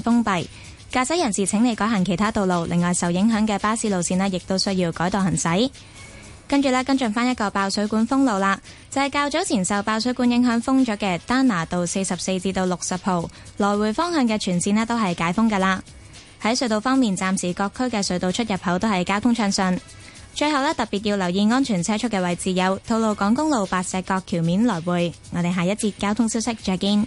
封閉駕駛人士，請你改行其他道路。另外，受影響嘅巴士路線呢亦都需要改道行駛。跟住呢，跟進翻一個爆水管封路啦，就係、是、較早前受爆水管影響封咗嘅丹拿道四十四至到六十號來回方向嘅全線呢都係解封噶啦。喺隧道方面，暫時各區嘅隧道出入口都係交通暢順。最後呢，特別要留意安全車速嘅位置有吐露港公路白石角橋面來回。我哋下一節交通消息再見。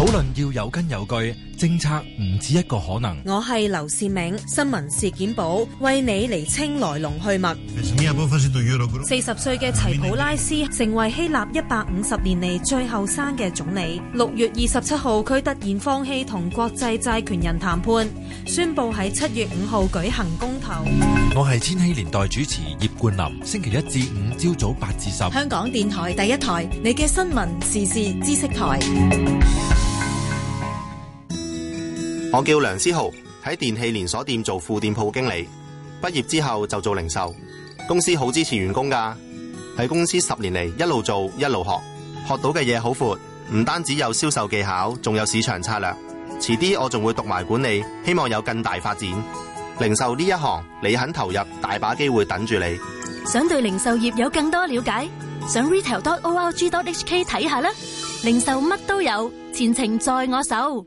討論要有根有據，政策唔止一個可能。我係劉士明，新聞事件簿，為你厘清來龍去脈。四十歲嘅齊普拉斯成為希臘一百五十年嚟最後生嘅總理。六月二十七號，佢突然放棄同國際債權人談判，宣布喺七月五號舉行公投。我係千禧年代主持葉冠霖，星期一至五朝早八至十，香港電台第一台，你嘅新聞時事知識台。我叫梁思豪，喺電器連鎖店做副店鋪經理。畢業之後就做零售，公司好支持員工㗎。喺公司十年嚟，一路做一路學，學到嘅嘢好闊，唔單止有銷售技巧，仲有市場策略。遲啲我仲會讀埋管理，希望有更大發展。零售呢一行，你肯投入，大把機會等住你。想對零售業有更多了解，上 retail.org.hk 睇下啦。零售乜都有，前程在我手。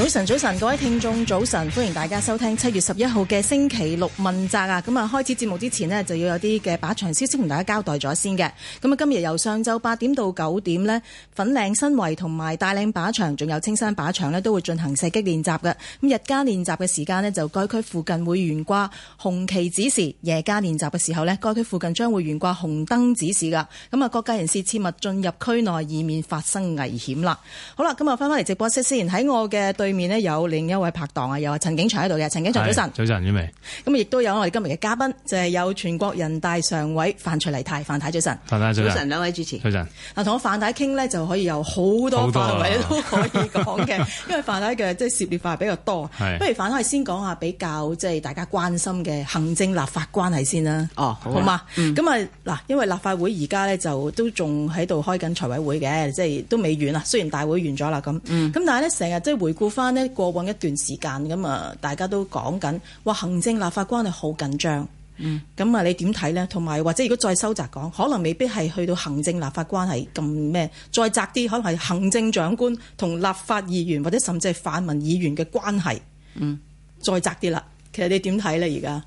早晨，早晨，各位聽眾早晨，歡迎大家收聽七月十一號嘅星期六問責啊！咁啊，開始節目之前咧，就要有啲嘅靶場消息同大家交代咗先嘅。咁啊，今日由上晝八點到九點咧，粉嶺新圍同埋大嶺靶場仲有青山靶場咧，都會進行射擊練習嘅。咁日間練習嘅時間咧，就該區附近會懸掛紅旗指示；夜間練習嘅時候咧，該區附近將會懸掛紅燈指示噶。咁啊，各界人士切勿進入區內以免發生危險啦。好啦，咁啊，翻返嚟直播室先，喺我嘅對。對面呢，有另一位拍檔啊，又係陳景祥喺度嘅。陳景祥早晨，早晨 Yumi 咁亦都有我哋今日嘅嘉賓，就係、是、有全國人大常委范徐麗泰、范太，太早晨，范太早晨，兩位主持早晨。同晨我范太傾呢，就可以有好多範圍都可以講嘅，多 因為范太嘅即係涉獵範圍比較多。是不如范太先講下比較即係大家關心嘅行政立法關係先啦。哦，好嘛、啊。咁啊嗱，嗯、因為立法會而家咧就都仲喺度開緊財委會嘅，即係都未完啊。雖然大會完咗啦，咁。嗯。咁但係咧，成日即係回顧翻。翻呢過往一段時間咁啊，大家都講緊話行政立法關係好緊張。嗯，咁啊，你點睇呢？同埋或者如果再收窄講，可能未必係去到行政立法關係咁咩？再窄啲，可能係行政長官同立法議員或者甚至係泛民議員嘅關係。嗯，再窄啲啦。其實你點睇呢？而家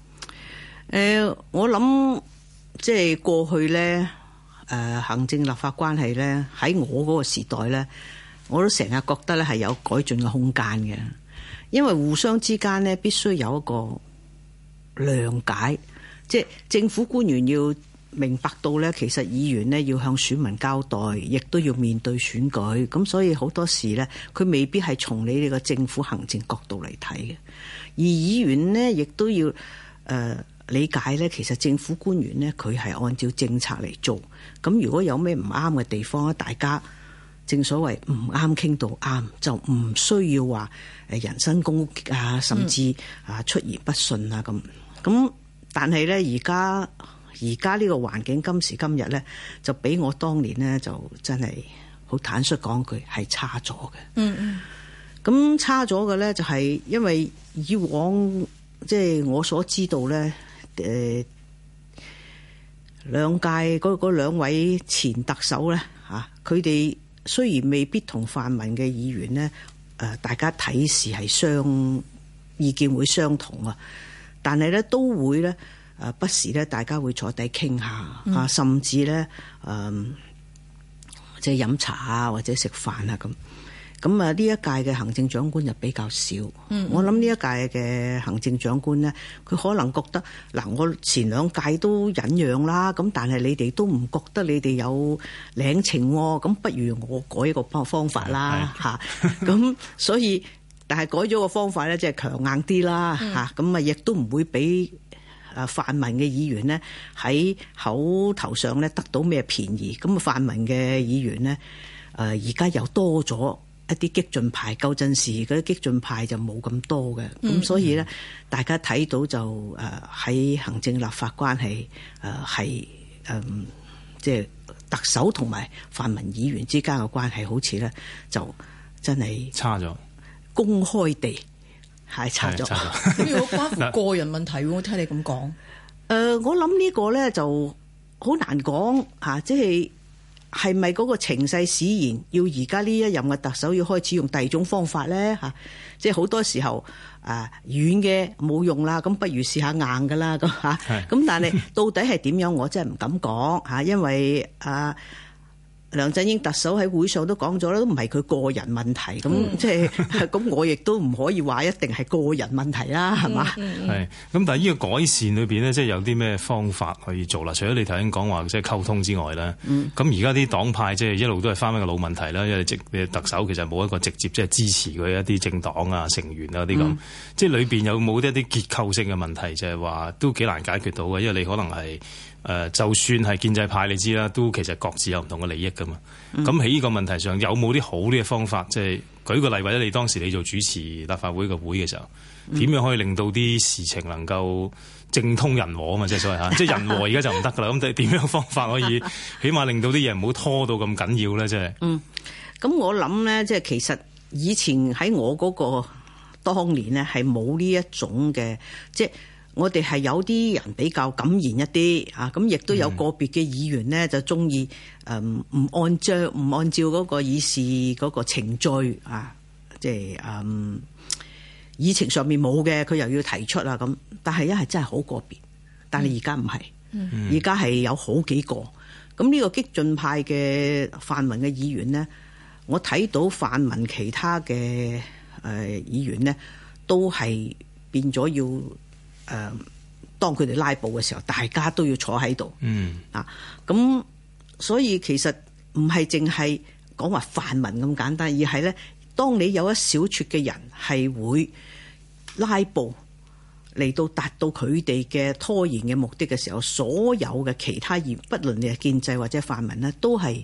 誒，我諗即係過去呢，誒、呃，行政立法關係呢，喺我嗰個時代呢。我都成日覺得咧，係有改進嘅空間嘅，因為互相之間呢，必須有一個諒解，即政府官員要明白到呢，其實議員呢，要向選民交代，亦都要面對選舉，咁所以好多時呢，佢未必係從你哋嘅政府行政角度嚟睇嘅，而議員呢，亦都要、呃、理解呢，其實政府官員呢，佢係按照政策嚟做，咁如果有咩唔啱嘅地方咧，大家。正所謂唔啱傾到啱，就唔需要話誒人身攻擊啊，甚至啊出言不遜啊咁。咁、嗯嗯、但係呢，而家而家呢個環境今時今日呢，就比我當年呢，就真係好坦率講句係差咗嘅。嗯嗯。咁差咗嘅呢，就係因為以往即係、就是、我所知道呢，誒兩屆嗰兩位前特首呢，嚇，佢哋。雖然未必同泛民嘅議員咧，誒大家睇事係相意見會相同啊，但係咧都會咧，誒不時咧大家會坐低傾下啊，甚至咧誒即係飲茶啊，或者食飯啊咁。咁啊，呢一屆嘅行政長官就比較少。嗯嗯我諗呢一屆嘅行政長官呢，佢可能覺得嗱，我前兩屆都忍讓啦，咁但係你哋都唔覺得你哋有領情喎，咁不如我改一個方法啦，嚇。咁所以，但係改咗個方法呢，即係強硬啲啦，嚇。咁啊，亦都唔會俾啊泛民嘅議員呢喺口頭上呢得到咩便宜。咁啊，泛民嘅議員呢，誒而家又多咗。一啲激進派，舊陣時嗰啲激進派就冇咁多嘅。咁、嗯、所以咧，嗯、大家睇到就誒喺、呃、行政立法關係誒係誒，即、呃、係、呃就是，特首同埋泛民議員之間嘅關係，好似咧就真係差咗，公開地係差咗了。咁又 關乎個人問題，我聽你咁講。誒、呃，我諗呢個咧就好難講吓，即、啊、係。就是係咪嗰個情勢使然，要而家呢一任嘅特首要開始用第二種方法咧？吓，即係好多時候啊，軟嘅冇用啦，咁不如試下硬噶啦，咁吓，咁但係到底係點樣， 我真係唔敢講吓，因為啊。梁振英特首喺會上都講咗啦，都唔係佢個人問題，咁即係咁我亦都唔可以話一定係個人問題啦，係嘛？係、嗯。咁、嗯、但係呢個改善裏面呢，即係有啲咩方法去做啦？除咗你頭先講話即係溝通之外呢，咁而家啲黨派即係一路都係翻返個老問題啦，嗯、因為直特首其實冇一個直接即係支持佢一啲政黨啊成員啊啲咁，嗯、即係裏面有冇一啲結構性嘅問題？就係話都幾難解決到嘅，因為你可能係。誒、呃，就算係建制派，你知啦，都其實各自有唔同嘅利益噶嘛。咁喺呢個問題上，有冇啲好啲嘅方法？即係舉個例，或者你當時你做主持立法會嘅會嘅時候，點、嗯、樣可以令到啲事情能夠政通人和啊？嘛，即係所謂即係人和而家就唔得噶啦。咁點 樣方法可以起碼令到啲嘢唔好拖到咁緊要咧？即係嗯，咁我諗咧，即係其實以前喺我嗰個當年咧，係冇呢一種嘅即係。我哋係有啲人比較敢言一啲啊，咁亦都有個別嘅議員呢，就中意誒唔按照唔按照嗰個議事嗰個程序啊，即係誒議程上面冇嘅，佢又要提出啊咁。但係一係真係好個別，但係而家唔係，而家係有好幾個。咁呢個激進派嘅泛民嘅議員呢，我睇到泛民其他嘅誒議員呢，都係變咗要。誒，當佢哋拉布嘅時候，大家都要坐喺度。嗯，啊，咁所以其實唔係淨係講話泛民咁簡單，而係咧，當你有一小撮嘅人係會拉布嚟到達到佢哋嘅拖延嘅目的嘅時候，所有嘅其他而不論你係建制或者泛民呢，都係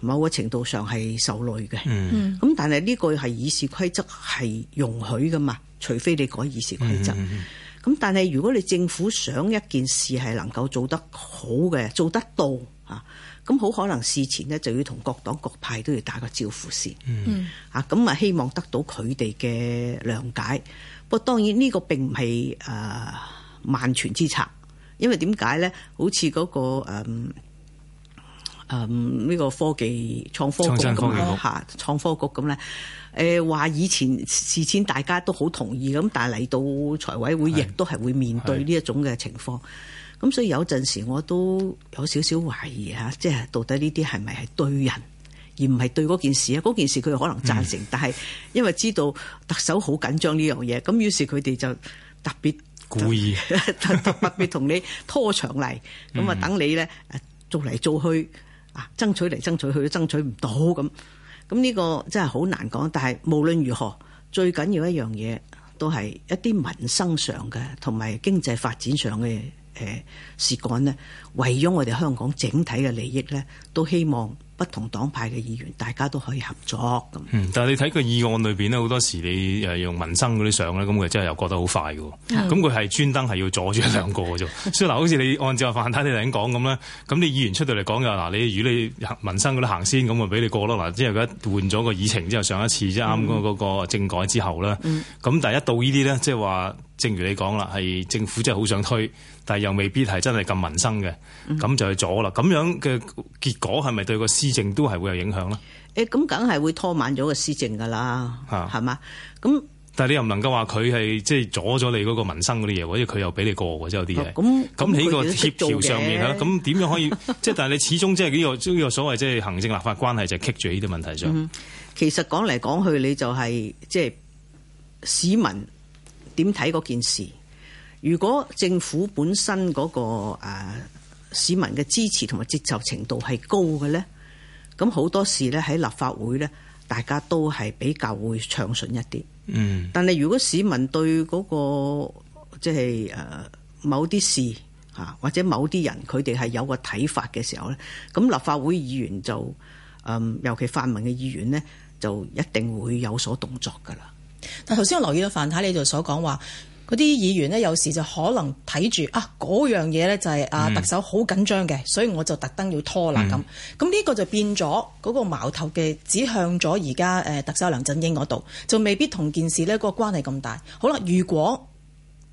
某個程度上係受累嘅。嗯，咁但係呢個係議事規則係容許噶嘛？除非你改議事規則。嗯咁但係，如果你政府想一件事係能夠做得好嘅，做得到，咁好可能事前呢就要同各黨各派都要打個招呼先，咁、嗯、啊，希望得到佢哋嘅諒解。不過當然呢個並唔係誒萬全之策，因為點解呢？好似嗰，嗰個誒呢、嗯嗯呢個科技創科局咁，創科局咁呢誒話以前事前大家都好同意咁，但係嚟到財委會亦都係會面對呢一種嘅情況。咁所以有陣時我都有少少懷疑吓，即係到底呢啲係咪係對人，而唔係對嗰件事啊？嗰件事佢可能贊成，嗯、但係因為知道特首好緊張呢樣嘢，咁於是佢哋就特別故意 特別同你拖長嚟，咁啊等你呢，做嚟做去啊，爭取嚟爭取去都爭取唔到咁。咁呢個真係好難講，但係無論如何，最緊要一樣嘢都係一啲民生上嘅同埋經濟發展上嘅誒事幹咧，為咗我哋香港整體嘅利益咧，都希望，不同黨派嘅議員，大家都可以合作咁。嗯，但係你睇個議案裏面咧，好多時你誒用民生嗰啲相咧，咁佢真係又過得好快嘅。咁佢係專登係要阻住一兩個㗎啫。嗯、所以嗱， 好似你按照阿范太你頭先講咁啦，咁你議員出到嚟講嘅嗱，你如果你民生嗰啲行先，咁咪俾你過咯。嗱，即係佢一換咗個議程之後，上一次即係啱嗰個政改之後啦咁、嗯、但係一到呢啲咧，即係話。正如你講啦，係政府真係好想推，但係又未必係真係咁民生嘅，咁就係阻啦。咁樣嘅結果係咪對個施政都係會有影響呢？誒、欸，咁梗係會拖慢咗個施政噶啦，係嘛、啊？咁但係你又唔能夠話佢係即係阻咗你嗰個民生嗰啲嘢，或者佢又俾你過嘅，即係有啲嘢。咁咁喺個協調上面咧，咁點樣可以？即係 但係你始終即係呢個呢、呢個所謂即係行政立法關係就棘住呢啲問題上、嗯。其實講嚟講去，你就係即係市民點睇嗰件事？如果政府本身嗰、嗰個、啊、市民嘅支持同埋接受程度係高嘅呢，咁好多事呢喺立法會呢，大家都係比較會暢順一啲。嗯。但係如果市民對嗰、嗰個即係誒某啲事嚇、啊、或者某啲人佢哋係有個睇法嘅時候呢，咁立法會議員就誒、嗯、尤其泛民嘅議員呢，就一定會有所動作㗎啦。但頭先我留意到范太你就所講話嗰啲議員呢，有時就可能睇住啊嗰樣嘢呢，就係啊特首好緊張嘅，嗯、所以我就特登要拖啦。咁咁呢個就變咗嗰個矛頭嘅，指向咗而家誒特首梁振英嗰度，就未必同件事呢個關係咁大。好啦，如果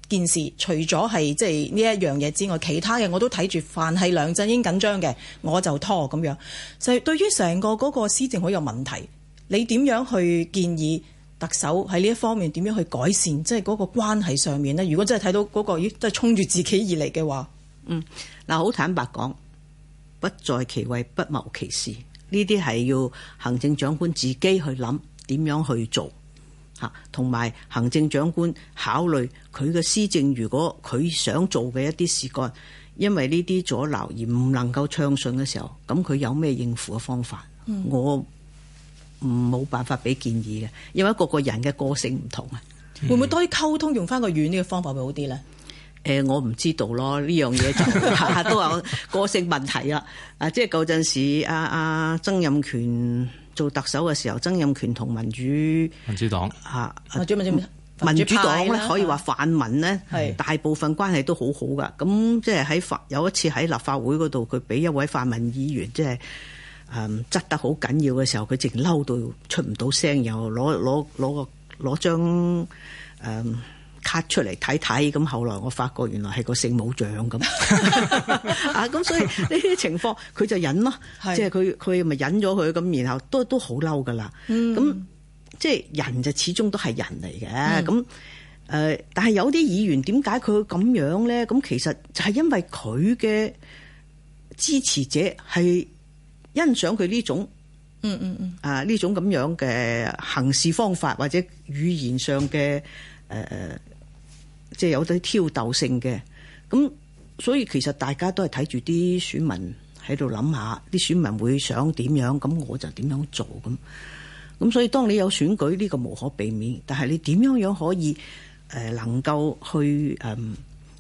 件事除咗係即係呢一樣嘢之外，其他嘅我都睇住，凡係梁振英緊張嘅，我就拖咁樣。就係、是、對於成個嗰個施政好有問題，你點樣去建議？特首喺呢一方面點樣去改善，即係嗰個關係上面咧？如果真係睇到嗰個，咦，都係衝住自己而嚟嘅話，嗯，嗱，好坦白講，不在其位不謀其事，呢啲係要行政長官自己去諗點樣去做吓，同埋行政長官考慮佢嘅施政，如果佢想做嘅一啲事幹，因為呢啲阻撓而唔能夠暢順嘅時候，咁佢有咩應付嘅方法？我、嗯。唔，冇辦法俾建議嘅，因為個個人嘅個性唔同啊。嗯、會唔會多啲溝通，用翻個軟啲嘅方法會好啲咧？誒、呃，我唔知道咯，呢樣嘢 都有個性問題啦。啊，即係舊陣時阿阿、啊啊、曾蔭權做特首嘅時候，曾蔭權同民主民主黨嚇、啊啊、民主派咧、啊、可以話泛民咧係是大部分關係都好好噶。咁即係喺法有一次喺立法會嗰度，佢俾一位泛民議員即係。就是嗯，執得好緊要嘅時候，佢淨嬲到出唔到聲，然後攞攞攞個攞張誒卡出嚟睇睇。咁後來我發覺原來係個聖母像咁 啊，咁所以呢啲情況佢就忍咯，是即係佢佢咪忍咗佢咁，然後都都好嬲噶啦。嗯，咁即係人就始終都係人嚟嘅咁誒，但係有啲議員點解佢會咁樣咧？咁其實就係因為佢嘅支持者係。欣賞佢呢種，嗯嗯嗯，啊呢種咁樣嘅行事方法或者語言上嘅，誒，即係有啲挑逗性嘅，咁所以其實大家都係睇住啲選民喺度諗下，啲選民會想點樣，咁我就點樣做咁。咁所以當你有選舉呢個無可避免，但係你點樣樣可以，誒，能夠去，嗯。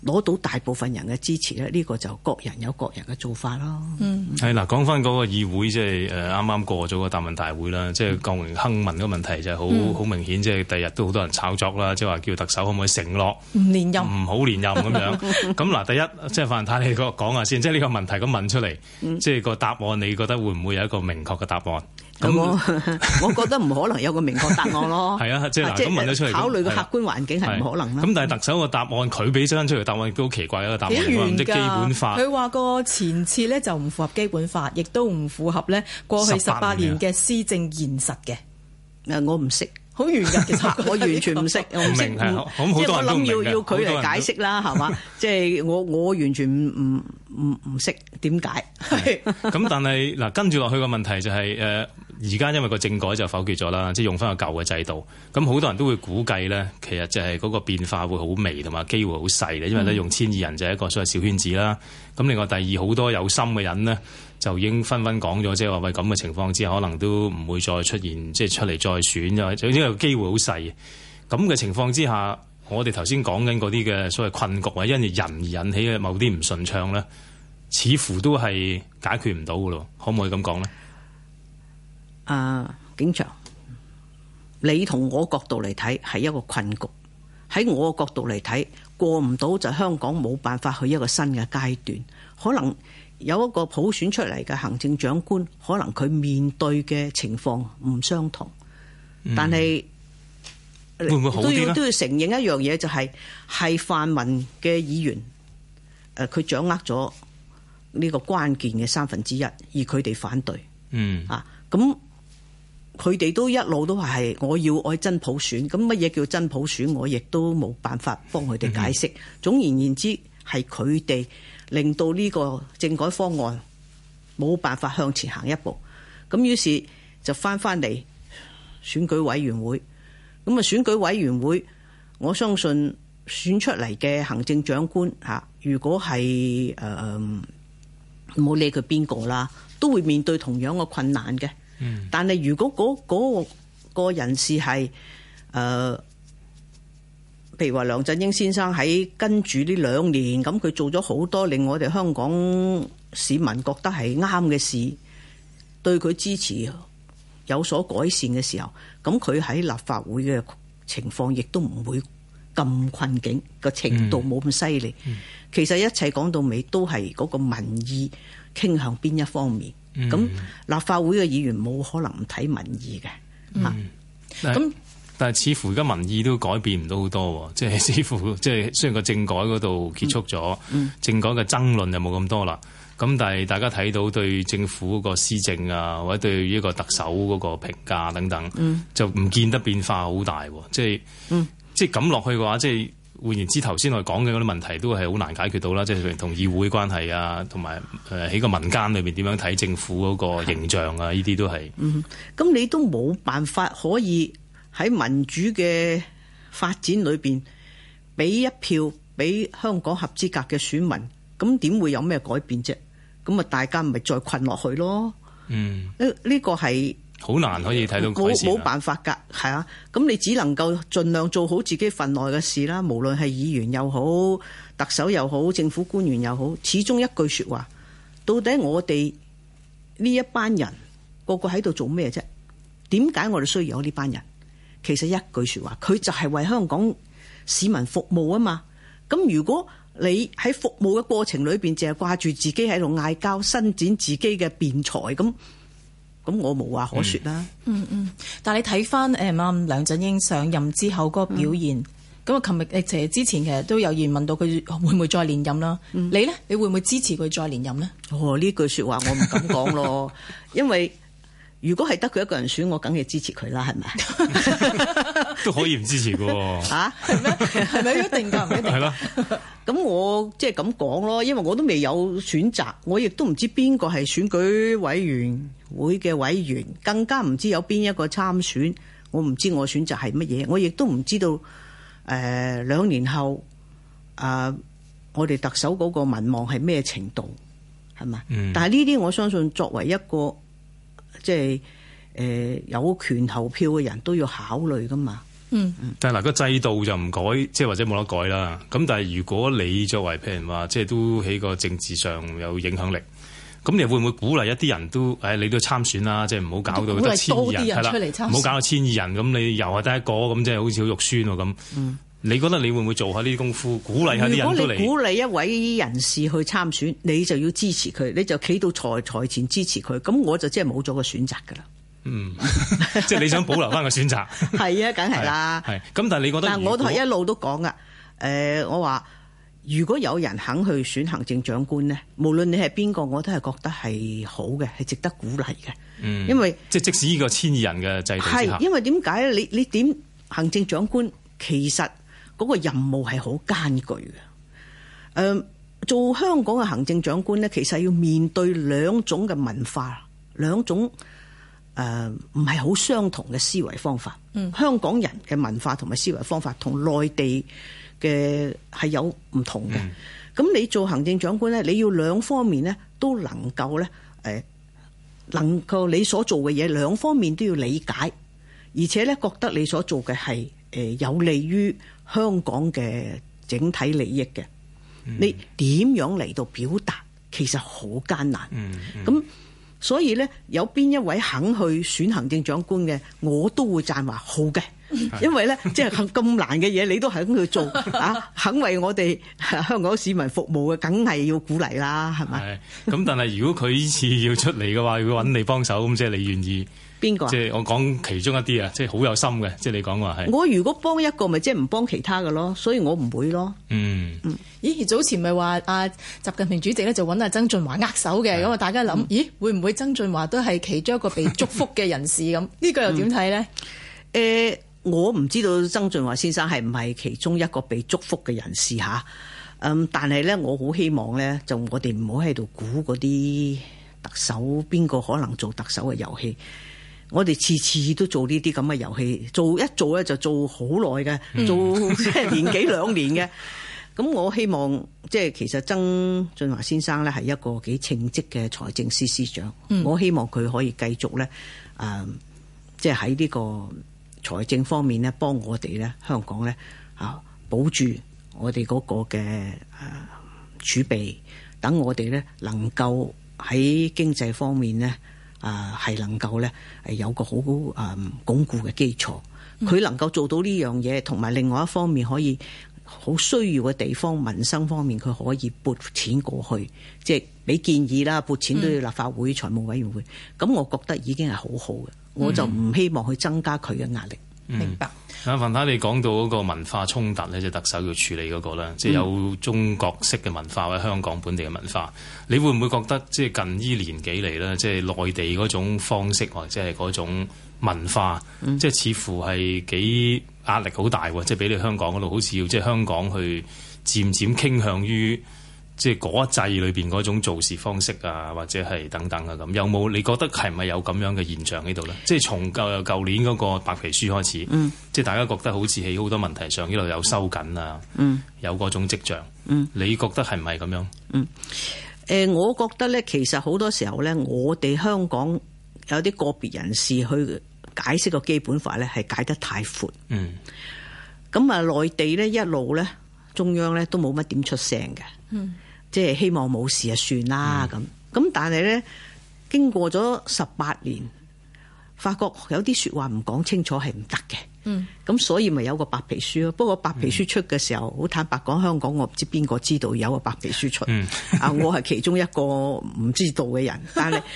攞到大部分人嘅支持咧，呢個就各人有各人嘅做法咯。嗯，係啦，講翻嗰個議會，即係啱啱過咗個答問大會啦，即係江榮亨民嘅問題就係好好明顯，即係第日都好多人炒作啦，即係話叫特首可唔可以承諾唔連任，唔好連任咁 樣。咁嗱，第一即係范太，你講下先，即係呢個問題咁問出嚟，即係個答案，你覺得會唔會有一個明確嘅答案？咁，我覺得唔可能有個明確答案咯。係啊，即係咁問得出嚟，考慮個客觀環境係唔可能啦。咁但係特首個答案，佢俾出翻出嚟答案，好奇怪一個答案啊！唔知基本法，佢話個前次咧就唔符合基本法，亦都唔符合呢過去十八年嘅施政現實嘅。我唔識，好懸噶，其實我完全唔識，唔識。好多人都唔明。即係我諗要要佢嚟解釋啦，係嘛？即係我我完全唔唔唔唔識點解。咁但係嗱，跟住落去個問題就係誒。而家因為個政改就否決咗啦，即係用翻個舊嘅制度，咁好多人都會估計咧，其實就係嗰個變化會好微同埋機會好細嘅，因為咧用千二人就係一個所謂小圈子啦。咁、嗯、另外第二好多有心嘅人咧，就已經紛紛講咗，即係話喂咁嘅情況之下，可能都唔會再出現即係出嚟再選，因為因為機會好細。咁嘅情況之下，我哋頭先講緊嗰啲嘅所謂困局或因為人而引起嘅某啲唔順暢咧，似乎都係解決唔到嘅咯，可唔可以咁講咧？誒、啊，景祥，你同我角度嚟睇係一個困局，喺我嘅角度嚟睇過唔到，就香港冇辦法去一個新嘅階段。可能有一個普選出嚟嘅行政長官，可能佢面對嘅情況唔相同，嗯、但係是會唔會好啲咧？都要都要承認一樣嘢，就是，就係係泛民嘅議員，佢掌握咗呢個關鍵嘅三分之一，而佢哋反對，嗯啊，咁。佢哋都一路都話係，我要愛真普選。咁乜嘢叫真普選，我亦都冇辦法幫佢哋解釋，總而言之，係佢哋令到呢個政改方案冇辦法向前行一步。咁於是，就翻返嚟，選舉委員會，咁啊，選舉委員會，我相信選出嚟嘅行政長官吓，如果係誒唔好理佢邊個啦，都會面對同樣嘅困難嘅。但係如果嗰個人士係誒，譬如話梁振英先生喺跟住呢兩年，咁佢做咗好多令我哋香港市民覺得係啱嘅事，對佢支持有所改善嘅時候，咁佢喺立法會嘅情況亦都唔會咁困境個程度冇咁犀利。其實一切講到尾都係嗰個民意傾向邊一方面。咁、嗯、立法會嘅議員冇可能唔睇民意嘅吓。咁但係似乎而家民意都改變唔到好多，即係、嗯、似乎即係、就是、雖然個政改嗰度結束咗，嗯嗯、政改嘅爭論就冇咁多啦。咁但係大家睇到對政府嗰個施政啊，或者對呢個特首嗰個評價等等，就唔見得變化好大，即係即係咁落去嘅話，即係。換言之，頭先我講嘅嗰啲問題都係好難解決到啦，即係同議會關係啊，同埋誒喺個民間裏邊點樣睇政府嗰個形象啊？呢啲的都係嗯，咁你都冇辦法可以喺民主嘅發展裏邊俾一票俾香港合資格嘅選民，咁點會有咩改變啫？咁啊，大家咪再困落去咯。嗯，呢呢個係。好難可以睇到改善。冇冇辦法噶係啊！咁你只能夠盡量做好自己份內嘅事啦。無論係議員又好，特首又好，政府官員又好，始終一句說話，到底我哋呢一班人個個喺度做咩啫？點解我哋需要有呢班人？其實一句說話，佢就係為香港市民服務啊嘛。咁如果你喺服務嘅過程裏邊，淨係掛住自己喺度嗌交，伸展自己嘅辯才咁。咁我無話可說啦、嗯。嗯嗯，但係你睇翻誒啱梁振英上任之後嗰個表現，咁啊、嗯，琴日誒，其實之前其實都有人問到佢會唔會再連任啦。嗯、你咧，你會唔會支持佢再連任咧？哦，呢句說話我唔敢講咯， 因為。如果係得佢一個人選，我梗係支持佢啦，係咪？ 都可以唔支持噶，啊 啊？吓係咩？係咪一定噶？唔一定。係咯。咁我即係咁講咯，因為我都未有選擇，我亦都唔知邊個係選舉委員會嘅委員，更加唔知有邊一個參選，我唔知我選擇係乜嘢，我亦都唔知道。誒、呃，兩年後啊、呃，我哋特首嗰個民望係咩程度，係咪？嗯、但係呢啲，我相信作為一個。即係誒、呃，有權投票嘅人都要考慮噶嘛。嗯，嗯，但係嗱，個制度就唔改，即係或者冇得改啦。咁但係如果你作為，譬如話，即係都喺個政治上有影響力，咁你會唔會鼓勵一啲人都？誒、哎，你都參選啦，即係唔好搞到千二人，人啦。唔好搞到千二人，咁你又係得一個，咁即係好似好肉酸喎、啊、咁。你覺得你會唔會做下呢啲功夫，鼓勵下啲人出嚟？如果你鼓勵一位人士去參選，你就要支持佢，你就企到台台前支持佢。咁我就即係冇咗個選擇噶啦。嗯， 即係你想保留翻個選擇，係 啊，梗係啦。係咁、啊，但係你覺得？但係我係一路都講噶，誒、呃，我話如果有人肯去選行政長官呢，無論你係邊個，我都係覺得係好嘅，係值得鼓勵嘅。嗯、因為即係即使呢個千二人嘅制度下係因為點解你你點行政長官其實？嗰個任務係好艱巨嘅。誒，做香港嘅行政長官呢，其實要面對兩種嘅文化，兩種誒唔係好相同嘅思維方法。嗯，香港人嘅文化同埋思維方法同內地嘅係有唔同嘅。咁你做行政長官呢，你要兩方面呢都能夠呢，誒，能夠你所做嘅嘢兩方面都要理解，而且呢覺得你所做嘅係誒有利於。香港嘅整體利益嘅，你點樣嚟到表達其實好艱難。咁、嗯嗯、所以咧，有邊一位肯去選行政長官嘅，我都會讚話好嘅，因為咧，是的 即係咁難嘅嘢， 你都肯去做啊，肯為我哋、啊、香港市民服務嘅，梗係要鼓勵啦，係咪？咁但係如果佢呢次要出嚟嘅話， 要揾你幫手，咁即係你願意。啊、即係我講其中一啲啊、嗯，即係好有心嘅。即係你講話係我如果幫一個，咪即係唔幫其他嘅咯，所以我唔會咯。嗯嗯，嗯咦？早前咪話阿習近平主席咧就揾阿曾俊華握手嘅咁啊，的大家諗咦會唔會曾俊華都係其中一個被祝福嘅人士咁？呢、 呢個又點睇呢？誒、嗯呃，我唔知道曾俊華先生係唔係其中一個被祝福嘅人士吓。嗯，但係咧，我好希望咧，就我哋唔好喺度估嗰啲特首邊個可能做特首嘅遊戲。我哋次次都做呢啲咁嘅遊戲，做一做咧就做好耐嘅，做年幾兩年嘅。咁 我希望即係其實曾俊華先生呢係一個幾稱職嘅財政司司長，我希望佢可以繼續呢，誒，即係喺呢個財政方面呢，幫我哋呢香港呢，啊保住我哋嗰個嘅誒儲備，等我哋呢能夠喺經濟方面呢。啊，係能夠咧，係有個好啊，鞏固嘅基礎。佢能夠做到呢樣嘢，同埋另外一方面可以好需要嘅地方，民生方面佢可以撥錢過去，即係俾建議啦，撥錢都要立法會、嗯、財務委員會。咁我覺得已經係好好嘅，我就唔希望去增加佢嘅壓力。嗯、明白。阿范太，你講到嗰個文化衝突咧，即係特首要處理嗰個啦。即係有中國式嘅文化或者香港本地嘅文化，你會唔會覺得即係近呢年幾嚟啦，即係內地嗰種方式或者係嗰種文化，即係似乎係幾壓力好大喎？即係俾你香港嗰度，好似要即係香港去漸漸傾向於。即係嗰一制裏邊嗰種做事方式啊，或者係等等啊。咁，有冇你覺得係咪有咁樣嘅現象喺度呢？即係從舊舊年嗰個白皮書開始，嗯、即係大家覺得好似喺好多問題上呢度有收緊啊，嗯嗯、有嗰種跡象，嗯、你覺得係咪咁樣？嗯、呃，我覺得呢，其實好多時候呢，我哋香港有啲個別人士去解釋個基本法呢，係解得太闊，嗯，咁啊，內地呢一路呢，中央呢都冇乜點出聲嘅，嗯。即係希望冇事啊，算啦咁。咁但係咧，經過咗十八年，發覺有啲說話唔講清楚係唔得嘅。嗯。咁所以咪有個白皮書咯。不過白皮書出嘅時候，好、嗯、坦白講，香港我唔知邊個知道有個白皮書出。啊、嗯， 我係其中一個唔知道嘅人，但係。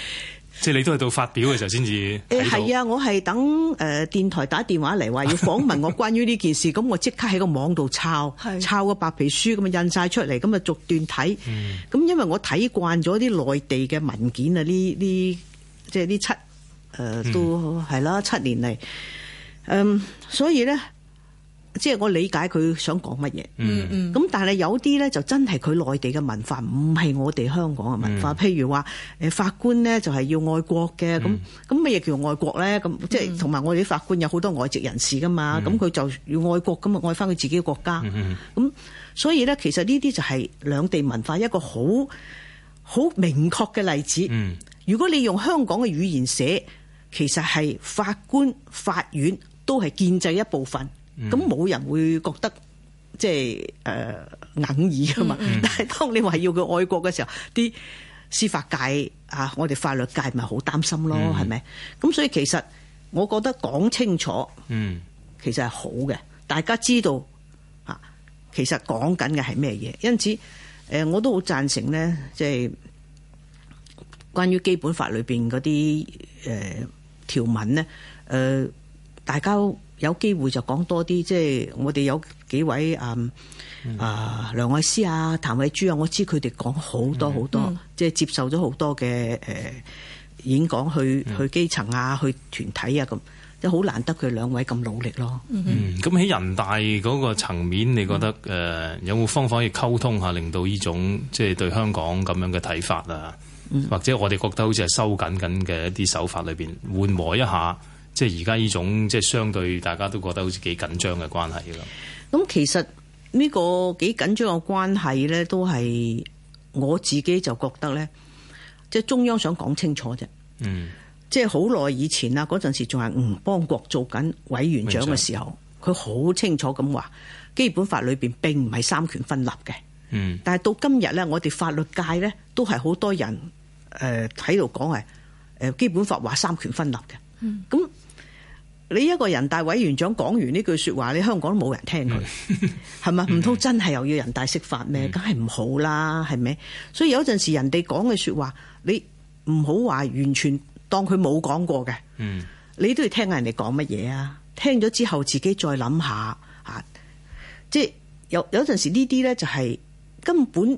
即係你都喺度發表嘅時候先至、欸，誒係啊，我係等誒、呃、電台打電話嚟話要訪問我關於呢件事，咁 我即刻喺個網度抄抄個白皮書咁啊印晒出嚟，咁啊逐段睇，咁、嗯、因為我睇慣咗啲內地嘅文件啊，呢呢即係呢七誒、呃、都係啦七年嚟，嗯，所以咧。即係我理解佢想講乜嘢咁，嗯嗯、但係有啲咧就真係佢內地嘅文化唔係我哋香港嘅文化。文化嗯、譬如話法官咧就係要愛國嘅，咁咁乜嘢叫愛國咧？咁、嗯、即係同埋我哋啲法官有好多外籍人士噶嘛，咁佢、嗯、就要愛國咁愛翻佢自己嘅國家咁。嗯嗯、所以咧，其實呢啲就係兩地文化一個好好明確嘅例子。嗯、如果你用香港嘅語言寫，其實係法官法院都係建制一部分。咁冇、嗯、人會覺得即係誒硬意㗎嘛，嗯、但係當你話要佢愛國嘅時候，啲司法界啊，我哋法律界咪好擔心咯，係咪、嗯？咁所以其實我覺得講清楚，嗯，其實係好嘅，大家知道啊，其實講緊嘅係咩嘢？因此誒、呃，我都好贊成呢，即、就、係、是、關於基本法裏邊嗰啲誒條文呢，誒、呃、大家。有機會就講多啲，即係我哋有幾位、嗯嗯、啊啊梁愛詩啊、譚慧珠啊，我知佢哋講好多好多，嗯、即係接受咗好多嘅誒、呃、演講去、嗯、去基層啊、去團體啊咁，即好難得佢兩位咁努力咯。咁喺、嗯、人大嗰個層面，你覺得誒、嗯呃、有冇方法可以溝通下，令到呢種即係、就是、對香港咁樣嘅睇法啊？嗯、或者我哋覺得好似係收緊緊嘅一啲手法裏邊緩和一下。即係而家呢種即係相對大家都覺得好似幾緊張嘅關係咯。咁其實呢個幾緊張嘅關係咧，都係我自己就覺得咧，即係中央想講清楚啫。嗯。即係好耐以前啦，嗰陣時仲係吳邦國做緊委員長嘅時候，佢好清楚咁話，基本法裏邊並唔係三權分立嘅。嗯。但係到今日咧，我哋法律界咧都係好多人誒喺度講係誒基本法話三權分立嘅。嗯。咁。你一個人大委員長講完呢句說話，你香港都冇人聽佢，係嘛？ 唔通真係又要人大釋法咩？梗係唔好啦，係咪？所以有陣時人哋講嘅說話，你唔好話完全當佢冇講過嘅。嗯， 你都要聽下人哋講乜嘢啊。聽咗之後自己再諗下啊。即係有有陣時呢啲呢，就係根本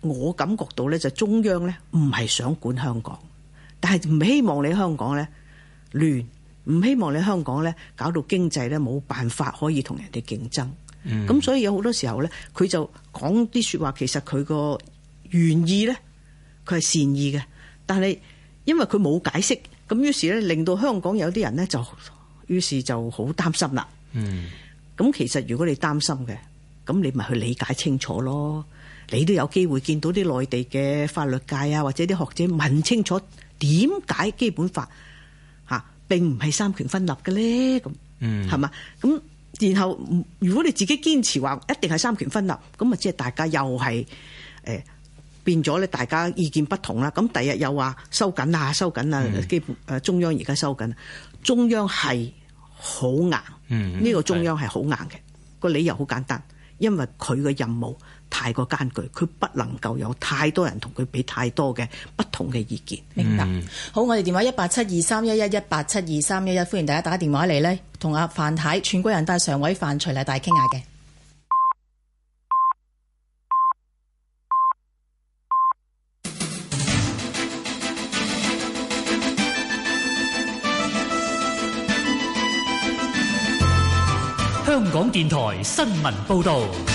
我感覺到呢，就中央呢，唔係想管香港，但係唔希望你香港呢亂。唔希望你香港咧搞到經濟咧冇辦法可以同人哋競爭，咁、嗯、所以有好多時候咧，佢就講啲說話，其實佢個原意咧，佢係善意嘅，但係因為佢冇解釋，咁於是咧令到香港有啲人咧就於是就好擔心啦。咁、嗯、其實如果你擔心嘅，咁你咪去理解清楚咯。你都有機會見到啲內地嘅法律界啊，或者啲學者問清楚點解基本法，並唔係三權分立嘅咧，咁，係嘛？咁然後，如果你自己堅持話一定係三權分立，咁啊，即係大家又係誒、呃、變咗咧，大家意見不同啦。咁第日又話收緊啊，收緊啊，基本誒中央而家收緊，中央係好硬，嗯、呢個中央係好硬嘅，個理由好簡單，因為佢嘅任務。太過艱巨，佢不能夠有太多人同佢俾太多嘅不同嘅意見。明白好，我哋電話一八七二三一一一八七二三一一，歡迎大家打電話嚟呢同阿范太全國人大常委范徐麗泰傾下嘅。香港電台新聞報導。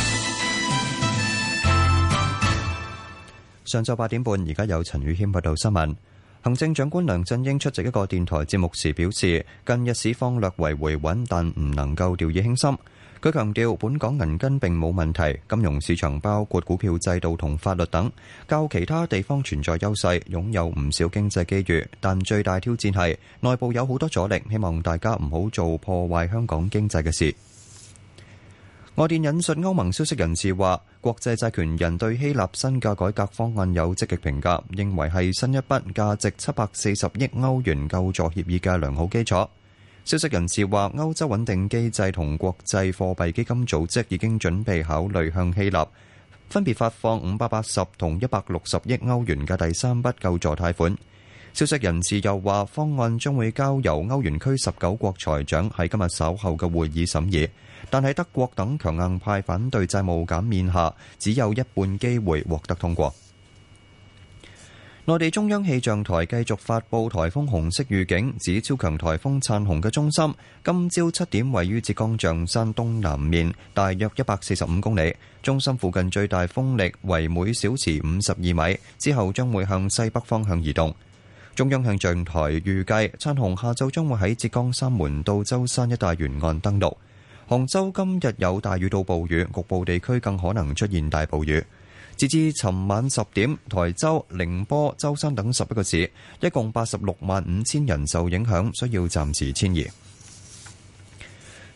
上晝八點半，而家有陳宇謙報道新聞。行政長官梁振英出席一個電台節目時表示，近日市況略為回穩，但唔能夠掉以輕心。佢強調，本港銀根並冇問題，金融市場包括股票制度同法律等，較其他地方存在優勢，擁有唔少經濟機遇。但最大挑戰係內部有好多阻力，希望大家唔好做破壞香港經濟嘅事。外電引述歐盟消息人士話，國際債權人對希臘新嘅改革方案有積極評價，認為係新一筆價值七百四十億歐元救助協議嘅良好基礎。消息人士話，歐洲穩定機制同國際貨幣基金組織已經準備考慮向希臘分別發放五百八十同一百六十億歐元嘅第三筆救助貸款。消息人士又話，方案將會交由歐元區十九國財長喺今日稍後嘅會議審議。但喺德國等強硬派反對債務減免下，只有一半機會獲得通過。內地中央氣象台繼續發佈颱風紅色預警，指超強颱風燦紅嘅中心今朝七點位於浙江象山東南面大約一百四十五公里，中心附近最大風力為每小時五十二米。之後將會向西北方向移動。中央氣象台預計燦紅下晝將會喺浙江三門到舟山一帶沿岸登陸。杭州今日有大雨到暴雨，局部地區更可能出現大暴雨。截至尋晚十點，台州、寧波、舟山等十一個市，一共八十六萬五千人受影響，需要暫時遷移。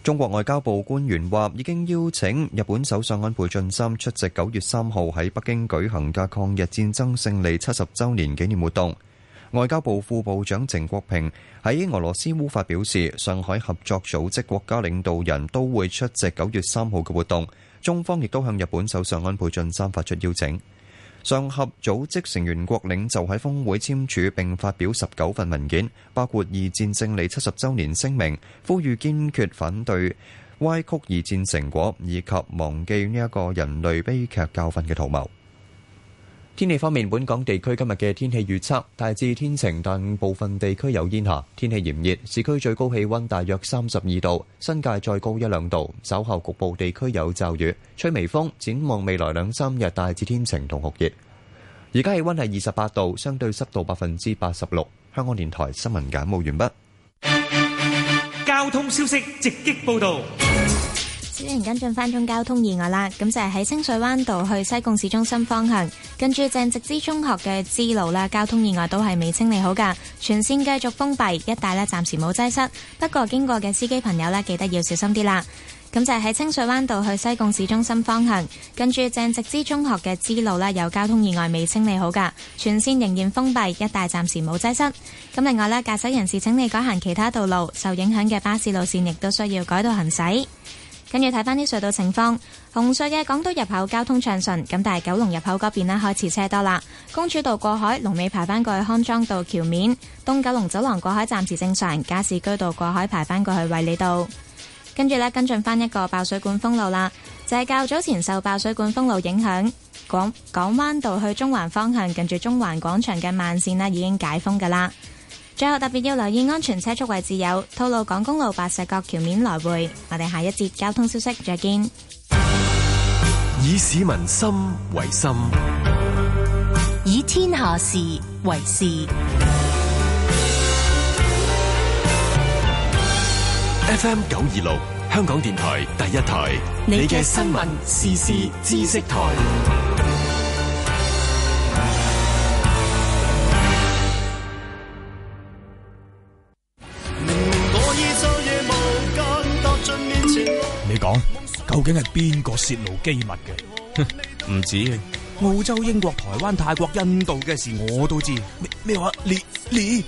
中國外交部官員話已經邀請日本首相安倍晉三出席九月三號喺北京舉行嘅抗日戰爭勝利七十周年紀念活動。外交部副部長程國平喺俄羅斯烏法表示，上海合作組織國家領導人都會出席九月三號嘅活動。中方亦都向日本首相安倍晉三發出邀請。上合組織成員國領袖喺峰會簽署並發表十九份文件，包括二戰勝利七十周年聲明，呼籲堅決反對歪曲二戰成果以及忘記呢一個人類悲劇教訓嘅圖謀。天氣方面，本港地區今日嘅天氣預測大致天晴，但部分地區有煙霞，天氣炎熱。市區最高氣溫大約三十二度，新界再高一兩度。稍後局部地區有驟雨，吹微風。展望未來兩三日，大致天晴同酷熱。而家氣溫係二十八度，相對濕度百分之八十六。香港電台新聞簡報完畢。交通消息直擊報道。先跟進翻宗交通意外啦，咁就係喺清水灣道去西貢市中心方向，跟住鄭植之中學嘅支路啦，交通意外都係未清理好噶，全線繼續封閉一帶呢暫時冇擠塞。不過經過嘅司機朋友呢，記得要小心啲啦。咁就係喺清水灣道去西貢市中心方向，跟住鄭植之中學嘅支路啦，有交通意外未清理好噶，全線仍然封閉一帶，暫時冇擠塞。咁另外咧，駕駛人士請你改行其他道路，受影響嘅巴士路線亦都需要改道行駛。跟住睇翻啲隧道情況，紅隧嘅港島入口交通暢順，咁但係九龍入口嗰邊呢開始車多啦。公主道過海，龍尾排翻過去康莊道橋面，東九龍走廊過海暫時正常，加士居道過海排翻過去衛理道。跟住呢，跟進返一個爆水管封路啦，就係較早前受爆水管封路影響，港港灣道去中環方向近住中環廣場嘅慢線呢已經解封噶啦。最後特別要留意安全車速位置有：吐露港公路白石角橋面來回。我哋下一節交通消息再見。以市民心為心，以天下事為事。FM 九二六，香港電台第一台，你嘅新聞時事知識台。究竟係邊個泄露機密嘅？唔止，澳洲、英國、台灣、泰國、印度嘅事我都知。咩話？你你，你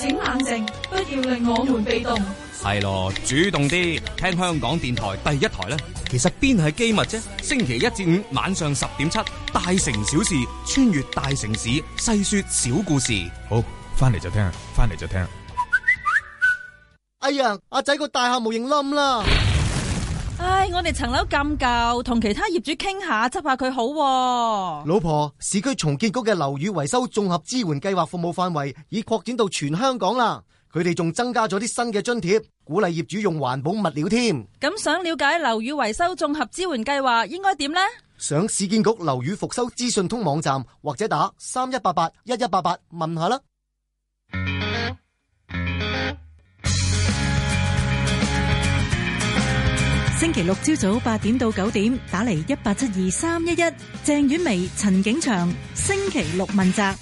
請冷靜，不要令我們被動。係咯，主動啲，聽香港電台第一台啦。其實邊係機密啫？星期一至五晚上十點七，大城小事，穿越大城市，細說小故事。好，翻嚟就聽，翻嚟就聽。哎呀，阿仔個大廈無形冧啦！唉，我哋層樓咁舊，同其他業主傾下，執下佢好喎。老婆，市區重建局嘅樓宇維修綜合支援計劃服務範圍已擴展到全香港啦。佢哋仲增加咗啲新嘅津貼，鼓勵業主用環保物料添。咁想了解樓宇維修綜合支援計劃應該點呢？上市建局樓宇復修資訊通網站或者打三一八八一一八八問下啦。星期六朝早八點到九點，打嚟一八七二三一一，鄭婉薇、陳景祥，星期六問責。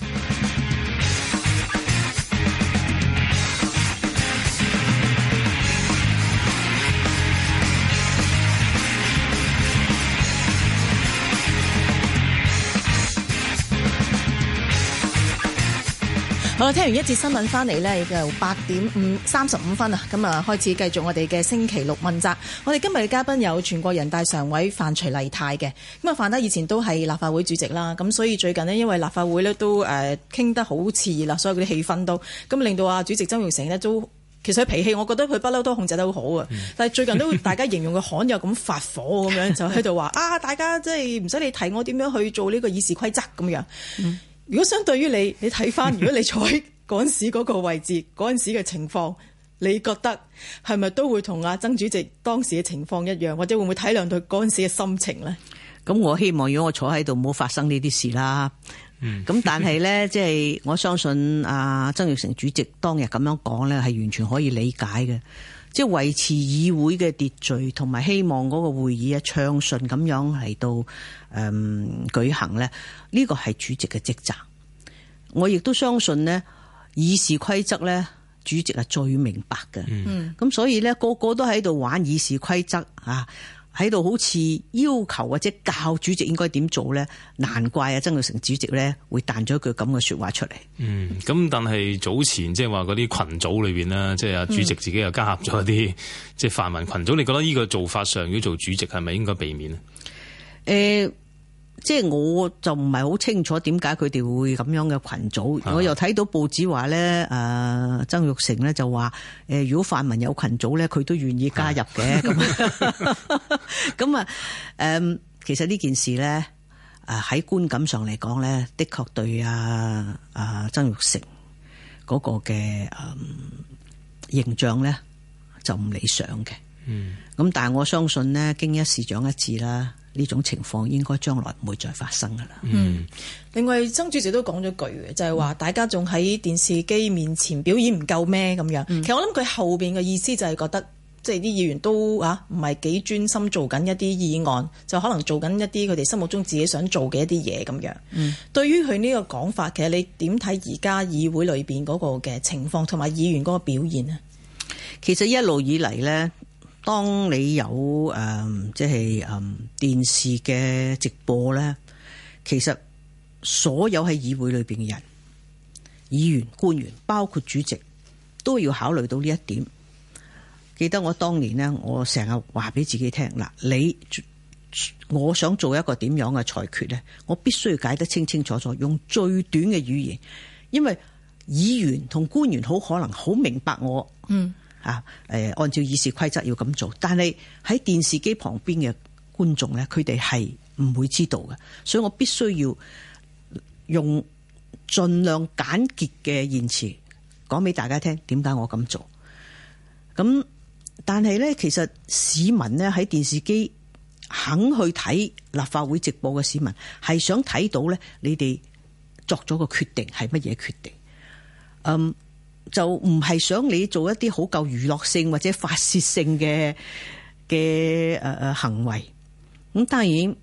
我聽完一節新聞翻嚟，呢，就八點五三十五分啊。咁啊，開始繼續我哋嘅星期六問責。我哋今日嘅嘉賓有全國人大常委范徐麗泰嘅。咁啊，范太以前都係立法會主席啦，咁所以最近呢，因為立法會呢都誒傾、呃、得好似啦，所以嗰啲氣氛都咁令到啊主席曾鈺成呢都，其實佢脾氣，我覺得佢不嬲都控制得好好啊。嗯、但係最近都大家形容佢罕有咁發火咁樣，就喺度話啊，大家即係唔使你提我點樣去做呢個議事規則咁樣。嗯如果相對於你，你睇翻如果你坐喺嗰陣時嗰個位置，嗰陣 時嘅情況，你覺得係咪都會同阿曾主席當時嘅情況一樣，或者會唔會體諒到嗰陣時嘅心情呢？咁我希望如果我坐喺度，唔好發生呢啲事啦。咁、嗯、但係呢，即係 我相信阿、啊、曾鈺成主席當日咁樣講呢，係完全可以理解嘅。即係維持議會嘅秩序，同埋希望嗰個會議啊暢順咁樣嚟到誒舉行咧，呢個係主席嘅職責。我亦都相信呢，議事規則呢，主席係最明白嘅。嗯，咁所以呢，個個都喺度玩議事規則啊。喺度好似要求或者教主席應該點做咧，難怪啊曾玉成主席咧會彈咗一句咁嘅說話出嚟。嗯，咁但係早前即係話嗰啲群組裏邊啦，即係啊主席自己又加入咗一啲、嗯、即係泛民群組。你覺得呢個做法上，要做主席係咪應該避免咧？誒、呃。即係我就唔係好清楚點解佢哋會咁樣嘅群組，我又睇到報紙話咧，誒、呃，曾鈺成咧就話，誒、呃，如果泛民有群組咧，佢都願意加入嘅，咁是的 樣，咁啊，誒，其實呢件事咧，誒，喺觀感上嚟講咧，的確對啊，阿、啊、曾鈺成嗰個嘅誒、啊、形象咧就唔理想嘅，嗯，咁但係我相信咧，經一事長一智啦。呢種情況應該將來唔會再發生㗎啦。嗯，另外曾主席都講咗句就係話大家仲喺電視機面前表演唔夠咩咁樣。其實我諗佢後邊嘅意思就係覺得，即係啲議員都啊唔係幾專心做緊一啲議案，就可能做緊一啲佢哋心目中自己想做嘅一啲嘢咁樣。嗯，對於佢呢個講法，其實你點睇而家議會裏邊嗰個嘅情況同埋議員嗰個表現呢？其實一路以嚟呢。當你有誒、嗯，即係誒、嗯、電視嘅直播咧，其實所有喺議會裏邊嘅人，議員、官員，包括主席，都要考慮到呢一點。記得我當年呢，我成日話俾自己聽嗱，你我想做一個點樣嘅裁決呢？我必須要解得清清楚楚，用最短嘅語言，因為議員同官員好可能好明白我，嗯。啊！誒，按照議事規則要咁做，但係喺電視機旁邊嘅觀眾呢，佢哋係唔會知道嘅，所以我必須要用盡量簡潔嘅言辭講俾大家聽，點解我咁做。咁但係呢，其實市民呢喺電視機肯去睇立法會直播嘅市民，係想睇到呢，你哋作咗個決定係乜嘢決定？嗯。就唔係想你做一啲好夠娛樂性或者發洩性嘅嘅誒誒行為。咁當然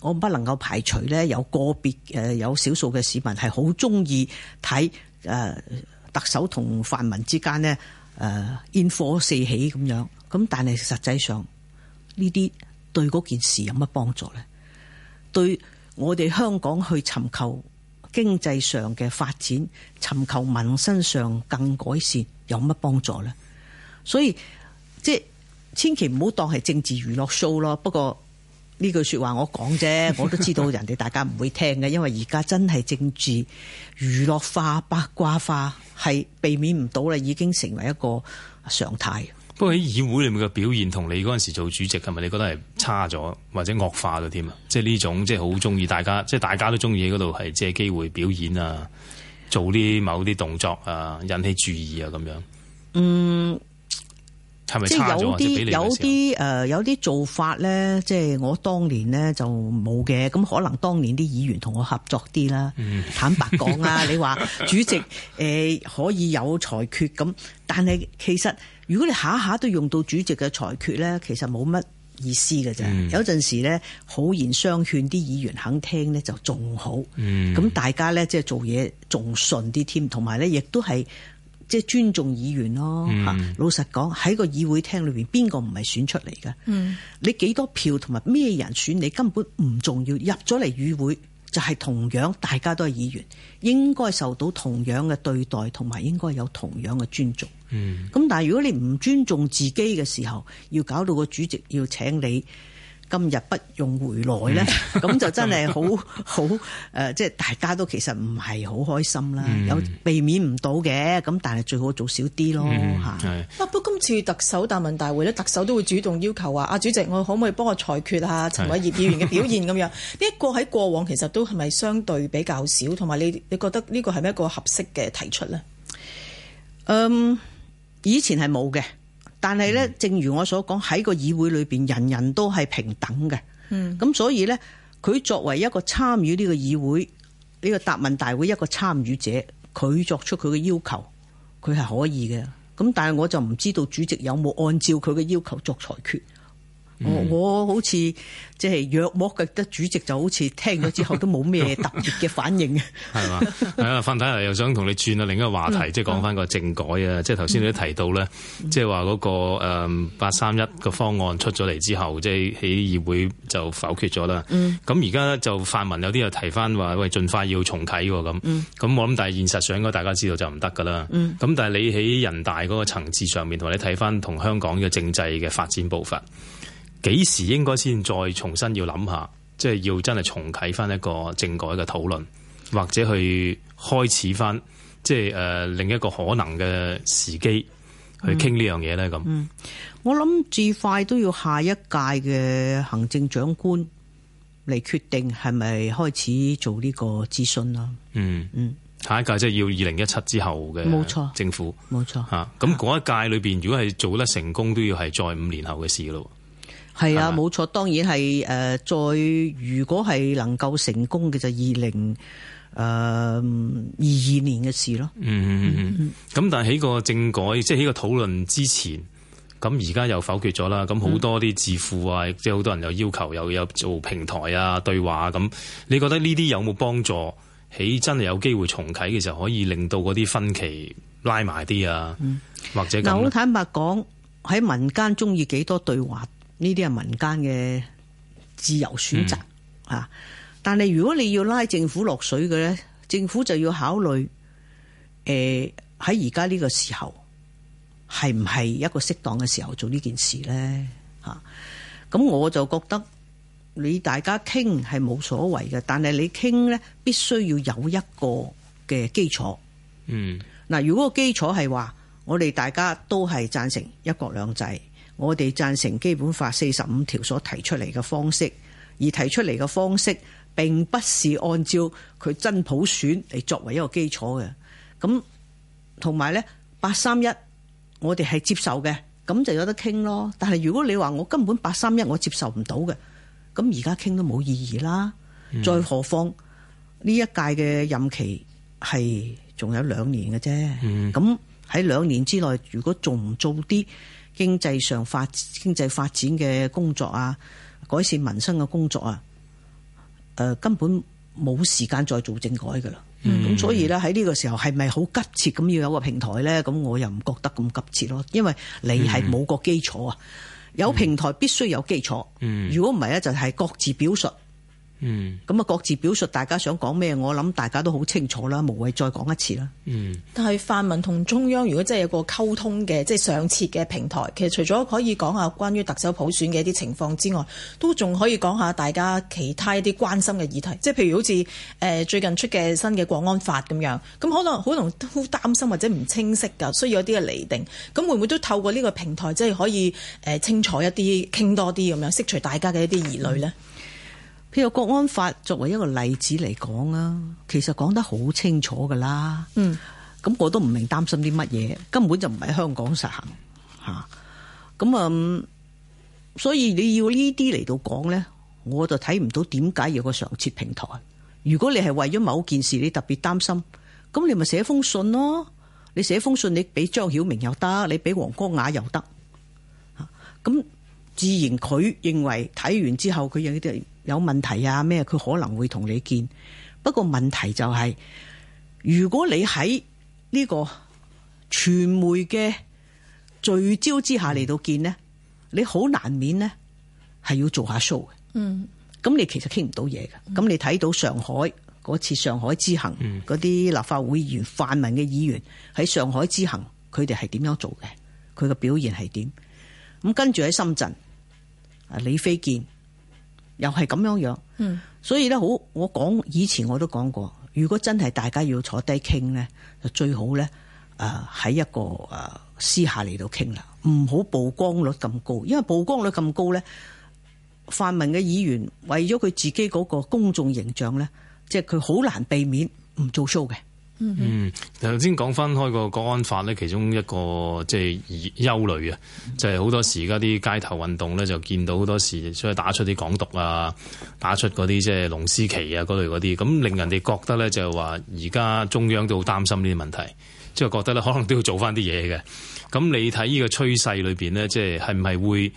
我不能夠排除咧，有個別誒有少數嘅市民係好中意睇誒特首同泛民之間呢誒煙火四起咁樣。咁但係實際上呢啲對嗰件事有乜幫助咧？對我哋香港去尋求。經濟上嘅發展，尋求民生上更改善，有乜幫助咧？所以即係千祈唔好當係政治娛樂 show 咯。不過呢句說話我講啫，我都知道人哋大家唔會聽嘅，因為而家真係政治娛樂化、八卦化，係避免唔到啦，已經成為一個常態。不過喺議會裏面嘅表現，同你嗰陣時做主席係咪你覺得係差咗，或者惡化咗添啊？即係呢種，即係好中意大家，即係大家都中意喺嗰度係借機會表演啊，做啲某啲動作啊，引起注意啊，咁樣嗯，係咪差咗？即係有啲有啲誒，有啲做法咧，即係我當年咧就冇嘅。咁可能當年啲議員同我合作啲啦。嗯、坦白講啊， 你話主席誒、呃、可以有裁決咁，但係其實。如果你下下都用到主席嘅裁決咧，其實冇乜意思嘅啫。嗯、有陣時咧，好言相勸啲議員肯聽咧，就仲好。咁、嗯、大家咧即係做嘢仲順啲添，同埋咧亦都係即係尊重議員咯。嗯、老實講，喺個議會廳裏邊邊個唔係選出嚟嘅？嗯、你幾多票同埋咩人選你，你根本唔重要。入咗嚟議會就係、是、同樣大家都係議員，應該受到同樣嘅對待，同埋應該有同樣嘅尊重。嗯，咁但係如果你唔尊重自己嘅時候，要搞到個主席要請你今日不用回來呢，咁、嗯、就真係好 好誒，即、呃、係大家都其實唔係好開心啦，嗯、有避免唔到嘅，咁但係最好做少啲咯吓。不過今次特首答問大會咧，特首都會主動要求話，阿主席我可唔可以幫我裁決下陳偉業議員嘅表現咁樣呢？一是 個喺過往其實都係咪相對比較少，同埋你你覺得呢個係咪一個合適嘅提出呢？嗯。以前係冇嘅，但係咧，正如我所講，喺個議會裏邊，人人都係平等嘅。嗯，咁所以咧，佢作為一個參與呢個議會呢個答問大會一個參與者，佢作出佢嘅要求，佢係可以嘅。咁但係我就唔知道主席有冇按照佢嘅要求作裁決。我、哦、我好似即係若莫覺得主席就好似聽咗之後都冇咩特別嘅反應，係係嘛？係啊，范太，太又想同你轉下另一個話題，嗯、即係講翻個政改啊。嗯、即係頭先你都提到咧，即係話嗰個誒八三一個方案出咗嚟之後，即係喺議會就否決咗啦。咁而家就泛民有啲又提翻話，喂，盡快要重啟喎。咁咁、嗯、我諗，但係現實上，應該大家知道就唔得噶啦。咁、嗯、但係你喺人大嗰個層次上面，同你睇翻同香港嘅政制嘅發展步伐。幾時應該先再重新要諗下，即係要真係重啟翻一個政改嘅討論，或者去開始翻，即係誒另一個可能嘅時機去傾呢樣嘢咧。咁、嗯嗯，我諗至快都要下一屆嘅行政長官嚟決定係咪開始做呢個諮詢啦。嗯嗯，下一屆即係要二零一七之後嘅，冇錯，政府冇錯吓。咁嗰一屆裏邊，如果係做得成功，都要係再五年後嘅事咯。係啊，冇錯吧，當然係誒、呃，再如果係能夠成功嘅，就二零誒二二年嘅事咯，嗯。嗯嗯嗯嗯，咁、嗯嗯、但係喺個政改，即係喺個討論之前，咁而家又否決咗啦。咁好多啲智庫啊，即係好多人又要求，又有做平台啊，對話咁，啊。你覺得呢啲有冇幫助？喺真係有機會重啟嘅時候，可以令到嗰啲分歧拉埋啲啊？嗯，或者咁？好，嗯，坦白講，喺民間中意幾多對話？呢啲係民間嘅自由選擇，嗯，但係如果你要拉政府落水嘅呢，政府就要考慮，誒喺而家呢個時候係唔係一個適當嘅時候做呢件事呢吓？咁我就覺得你大家傾係冇所謂嘅，但係你傾呢必須要有一個嘅基礎。嗯，嗱，如果個基礎係話我哋大家都係贊成一國兩制。我哋贊成《基本法》四十五條所提出嚟嘅方式，而提出嚟嘅方式，並不是按照佢真普選嚟作為一個基礎嘅。咁同埋呢，八三一我哋係接受嘅，咁就有得傾咯。但係如果你話我根本八三一我接受唔到嘅，咁而家傾都冇意義啦。再何況呢、嗯、一屆嘅任期係仲有兩年嘅啫。咁喺、嗯、兩年之內，如果仲唔做啲，經濟上發，經濟發展嘅工作啊，改善民生嘅工作啊、呃，根本冇時間再做政改嘅啦。咁、嗯、所以咧喺呢個時候係咪好急切咁要有個平台咧？咁我又唔覺得咁急切咯，因為你係冇個基礎啊，嗯、有平台必須有基礎。如果唔係咧，就係各自表述。嗯，咁啊，各自表述，大家想講咩？我諗大家都好清楚啦，無謂再講一次啦。嗯，但係泛民同中央如果真係有個溝通嘅，即係上次嘅平台，其實除咗可以講下關於特首普選嘅一啲情況之外，都仲可以講下大家其他一啲關心嘅議題，即係譬如好似誒最近出嘅新嘅國安法咁樣，咁可能好多人都擔心或者唔清晰噶，所以有啲嘅釐定，咁會唔會都透過呢個平台，即係可以誒清楚一啲，傾多啲咁樣，釋除大家嘅一啲疑慮呢？嗯譬如國安法作為一個例子嚟講啊，其實講得好清楚噶啦。嗯，咁我都唔明擔心啲乜嘢，根本就唔喺香港實行吓。咁啊，所以你要呢啲嚟到講咧，我就睇唔到點解要個常設平台。如果你係為咗某件事你特別擔心，咁你咪寫封信咯。你寫封信你俾張曉明又得，你俾王光亞又得。吓、啊、咁，自然佢認為睇完之後佢有啲，他認為有問題啊咩？佢可能會同你見，不過問題就係、是，如果你喺呢個傳媒嘅聚焦之下嚟到見呢，你好難免呢係要做下 show 嘅。嗯，咁你其實傾唔到嘢嘅。咁、嗯、你睇到上海嗰次上海之行，嗰啲立法會議員、嗯、泛民嘅議員喺上海之行，佢哋係點樣做嘅？佢嘅表現係點？咁跟住喺深圳，啊李飛見。又係咁樣樣，嗯，所以咧好，我講以前我都講過，如果真係大家要坐低傾咧，就最好咧，誒喺一個誒私下嚟到傾啦，唔好曝光率咁高，因為曝光率咁高咧，泛民嘅議員為咗佢自己個公眾形象咧，即係佢好難避免唔做 show 嘅。Mm hmm. 嗯，頭先講翻開個《國安法》咧，其中一個即係憂慮啊，就係好多時而家啲街頭運動咧，就見到好多時出去打出啲港獨啊，打出嗰啲即係龍獅旗啊嗰類嗰啲，咁令人哋覺得咧就係話而家中央都好擔心呢啲問題，即係覺得咧可能都要做翻啲嘢嘅。咁你睇呢個趨勢裏邊咧，即係係唔係會？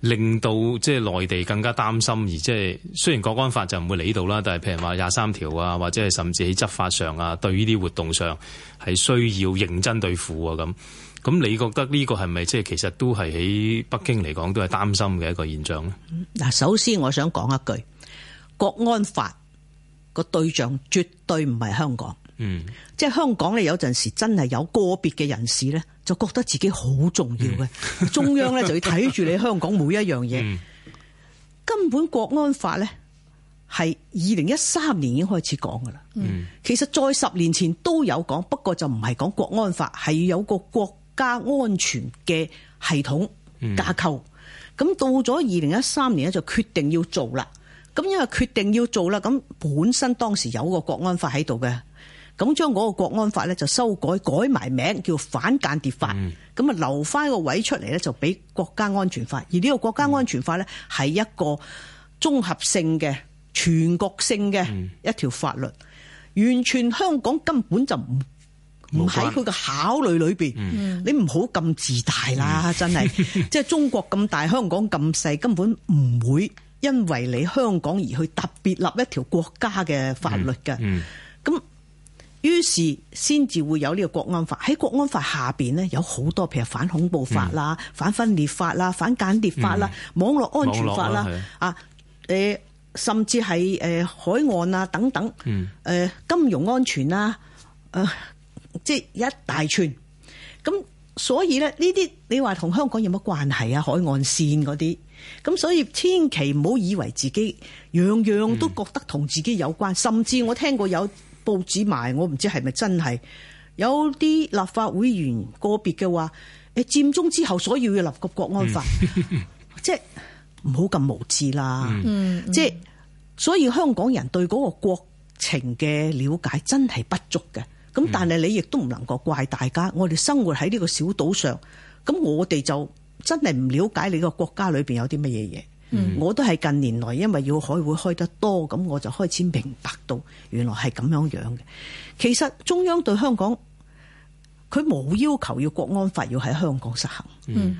令到即係內地更加擔心，而即係雖然國安法就唔會嚟呢度啦，但係譬如話廿三條啊，或者係甚至喺執法上啊，對呢啲活動上係需要認真對付啊咁。咁你覺得呢個係咪即係其實都係喺北京嚟講都係擔心嘅一個現象咧？嗱，首先我想講一句，國安法個對象絕對唔係香港。嗯，即係香港咧，有陣時真係有個別嘅人士咧，就覺得自己好重要嘅。嗯、 中央咧就要睇住你香港每一樣嘢。嗯、根本國安法咧係二零一三年已經開始講噶啦。嗯、其實，再十年前都有講，不過就唔係講國安法，係有個國家安全嘅系統架構。咁、嗯、到咗二零一三年咧就決定要做啦。咁因為決定要做啦，咁本身當時有個國安法喺度嘅。咁將嗰個國安法咧就修改改埋，名叫反間諜法。咁啊、嗯、留翻個位出嚟咧，就俾國家安全法。而呢個國家安全法咧係一個綜合性嘅、嗯、全國性嘅一條法律，完全香港根本就唔唔喺佢嘅考慮裏邊。嗯、你唔好咁自大啦，真係、嗯、 即係中國咁大，香港咁細，根本唔會因為你香港而去特別立一條國家嘅法律嘅。嗯嗯於是先至會有呢個國安法。喺國安法下面呢，有好多譬如反恐怖法啦、嗯、反分裂法啦、反間諜法啦、嗯、網絡安全法啦，啊甚至係海岸啊，等等誒、嗯啊、金融安全即係、啊、一大串。咁所以咧，呢啲你話同香港有乜關係啊？海岸線嗰啲咁，所以千祈唔好以為自己樣樣都覺得同自己有關，嗯、甚至我聽過有。報紙埋，我唔知係咪真係有啲立法會員個別嘅話，誒佔中之後所以要嘅立個國安法，嗯、即係唔好咁無知啦。嗯、即係所以香港人對嗰個國情嘅了解真係不足嘅。咁但係你亦都唔能夠怪，大家我哋生活喺呢個小島上，咁我哋就真係唔了解你個國家裏邊有啲乜嘢嘢。嗯，我都係近年來，因為要開會開得多，咁我就開始明白到原來係咁樣樣嘅。其實中央對香港，佢冇要求要國安法要喺香港實行。嗯，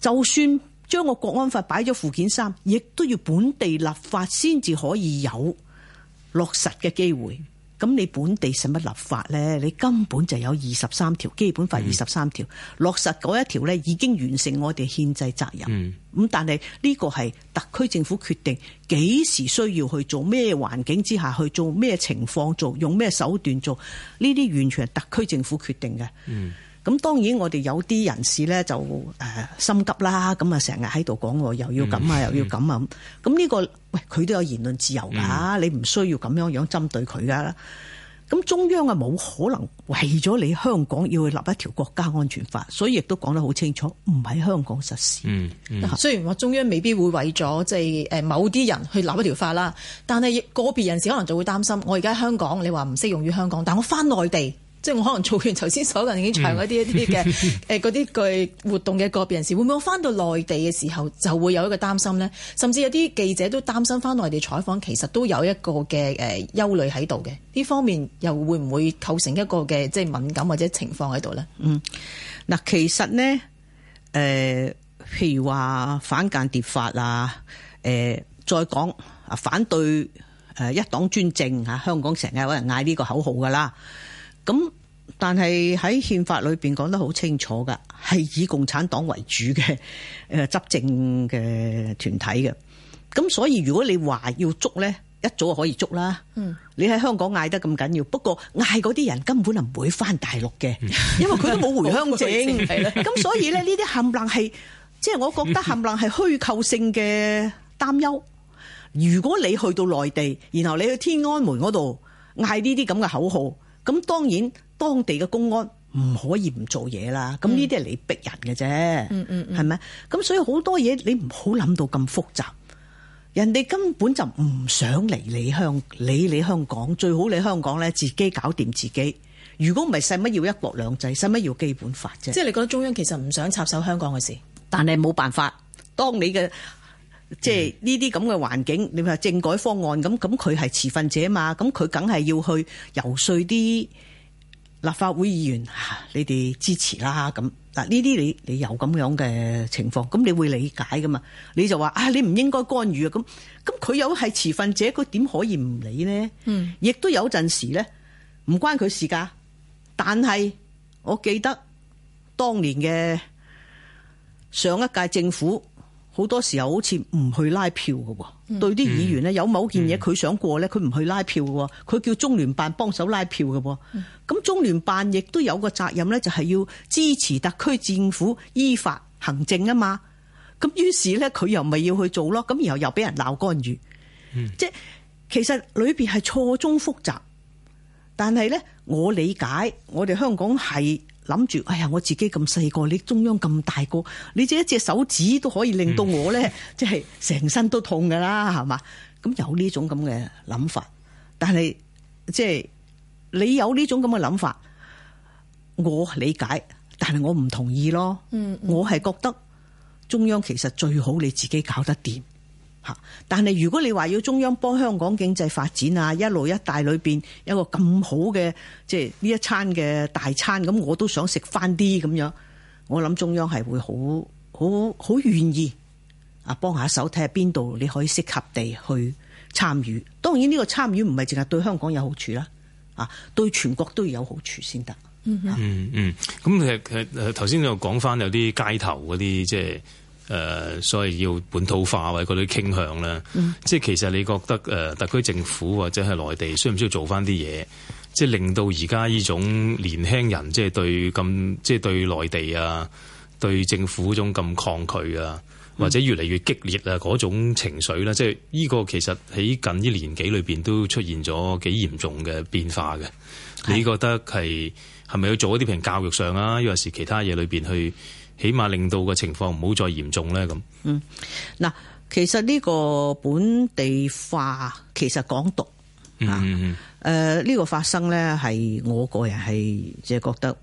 就算將個國安法擺咗附件三，亦都要本地立法先至可以有落實嘅機會。咁你本地使乜立法呢？你根本就有二十三條基本法23，二十三條落實嗰一條呢，已經完成我哋憲制責任。咁、嗯、但係呢個係特區政府決定幾時需要去做咩環境之下去做咩情況做用咩手段做，呢啲完全係特區政府決定嘅。嗯咁當然，我哋有啲人士咧就誒、呃、心急啦，咁啊成日喺度講，我又要咁啊，嗯、又要咁呀。咁呢、嗯呢個喂，佢都有言論自由㗎，嗯、你唔需要咁樣樣針對佢噶。咁中央啊，冇可能為咗你香港要去立一條國家安全法，所以亦都講得好清楚，唔喺香港實施，嗯。嗯，雖然話中央未必會為咗即係某啲人去立一條法啦，但係個別人士可能就會擔心，我而家香港你話唔適用於香港，但我翻內地。即係我可能做完頭先所有講已經長嗰啲一啲嘅誒嗰啲嘅活動嘅個別人士，會唔會返到內地嘅時候就會有一個擔心呢？甚至有啲記者都擔心返內地採訪，其實都有一個嘅誒憂慮喺度嘅。呢方面又會唔會構成一個嘅即係敏感或者情況喺度呢？嗯，嗱，其實呢，誒、呃，譬如話反間諜法啊，誒、呃，再講啊，反對誒一黨專政嚇，香港成日有人嗌呢個口號噶啦。咁，但係喺憲法裏邊講得好清楚噶，係以共產黨為主嘅、呃、執政嘅團體嘅。咁所以如果你話要捉咧，一早就可以捉啦。嗯。你喺香港嗌得咁緊要，不過嗌嗰啲人根本就唔會翻大陸嘅，因為佢都冇回鄉證。咁、嗯、 所以咧，呢啲冚唪唥係，即係我覺得冚唪唥係虛構性嘅擔憂。如果你去到內地，然後你去天安門嗰度嗌呢啲咁嘅口號。咁當然，當地嘅公安唔可以唔做嘢啦。咁呢啲係你逼人嘅啫，係咪、嗯？咁、嗯嗯、所以好多嘢你唔好諗到咁複雜，人哋根本就唔想嚟你香你香港，最好你香港呢自己搞掂自己。如果唔係，使乜要一國兩制，使乜要、要基本法啫？即係你覺得中央其實唔想插手香港嘅事，但係冇辦法，當你嘅。即係呢啲咁嘅環境，你話政改方案咁咁，佢係持份者嘛？咁佢梗係要去游說啲立法會議員，你哋支持啦。咁嗱呢啲你你有咁樣嘅情況，咁你會理解噶嘛？你就話啊，你唔應該干預啊。咁咁佢又係持份者，佢點可以唔理呢？嗯，亦都有陣時咧，唔關佢事噶。但係我記得當年嘅上一屆政府。好多時候好似唔去拉票嘅喎，對啲議員咧有某件嘢佢想過咧，佢唔去拉票嘅喎，佢叫中聯辦幫手拉票嘅喎。咁中聯辦亦都有個責任咧，就係要支持特區政府依法行政啊嘛。咁於是咧佢又咪要去做咯，咁然後又俾人鬧干預。即係其實裏邊係錯綜複雜，但係咧我理解我哋香港係。諗住，哎呀，我自己咁細個，你中央咁大個，你只一隻手指都可以令到我咧，即係成身都痛噶啦，係嘛、嗯？咁有呢種咁嘅諗法，但係即係你有呢種咁嘅諗法，我理解，但係我唔同意咯。嗯，我係覺得中央其實最好你自己搞得掂。但係如果你話要中央幫香港經濟發展啊，一路一帶裏邊有個咁好嘅，即係呢一餐嘅大餐，咁我都想食翻啲咁樣，我諗中央係會好好好願意啊，幫下手睇下邊度你可以適合地去參與。當然呢個參與唔係淨係對香港有好處啦，啊，對全國都要有好處先得。嗯。嗯嗯，咁其實頭先你又講翻有啲街頭嗰啲即係。誒、呃，所謂要本土化或者嗰啲傾向啦，嗯、即係其實你覺得誒、呃、特區政府或者係內地需唔需要做翻啲嘢，即係令到而家呢種年輕人即係對咁，即係對內地啊、對政府種咁抗拒啊，或者越嚟越激烈啊嗰種情緒啦，嗯、即係呢個其實喺近呢年幾裏邊都出現咗幾嚴重嘅變化嘅。的你覺得係，係咪要做一啲譬如教育上啊，又或是其他嘢裏邊去？起碼令到個情況唔好再嚴重咧，咁嗯嗱，其實呢個本地化其實港獨啊，誒呢個發生咧，係我個人係即係覺得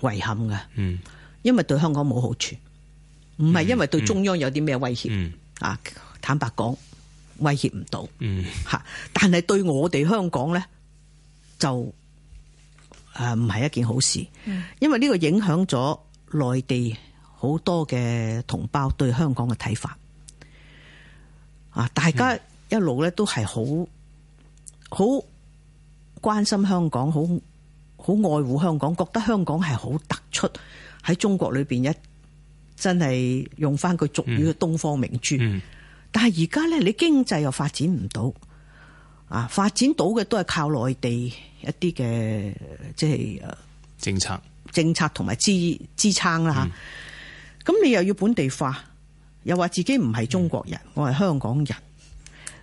遺憾㗎，嗯，因為對香港冇好處，唔係因為對中央有啲咩威脅，嗯啊，坦白講威脅唔到，嗯吓，但係對我哋香港咧就誒唔係一件好事，嗯，因為呢個影響咗。內地好多嘅同胞對香港嘅睇法啊，大家一路咧都係好好關心香港，好好愛護香港，覺得香港係好突出喺中國裏邊一真係用翻句俗語嘅東方明珠。嗯嗯、但係而家咧，你經濟又發展唔到啊，發展到嘅都係靠內地一啲嘅即係誒政策。政策同埋支支撐啦嚇，咁、嗯、你又要本地化，又話自己唔係中國人，嗯、我係香港人，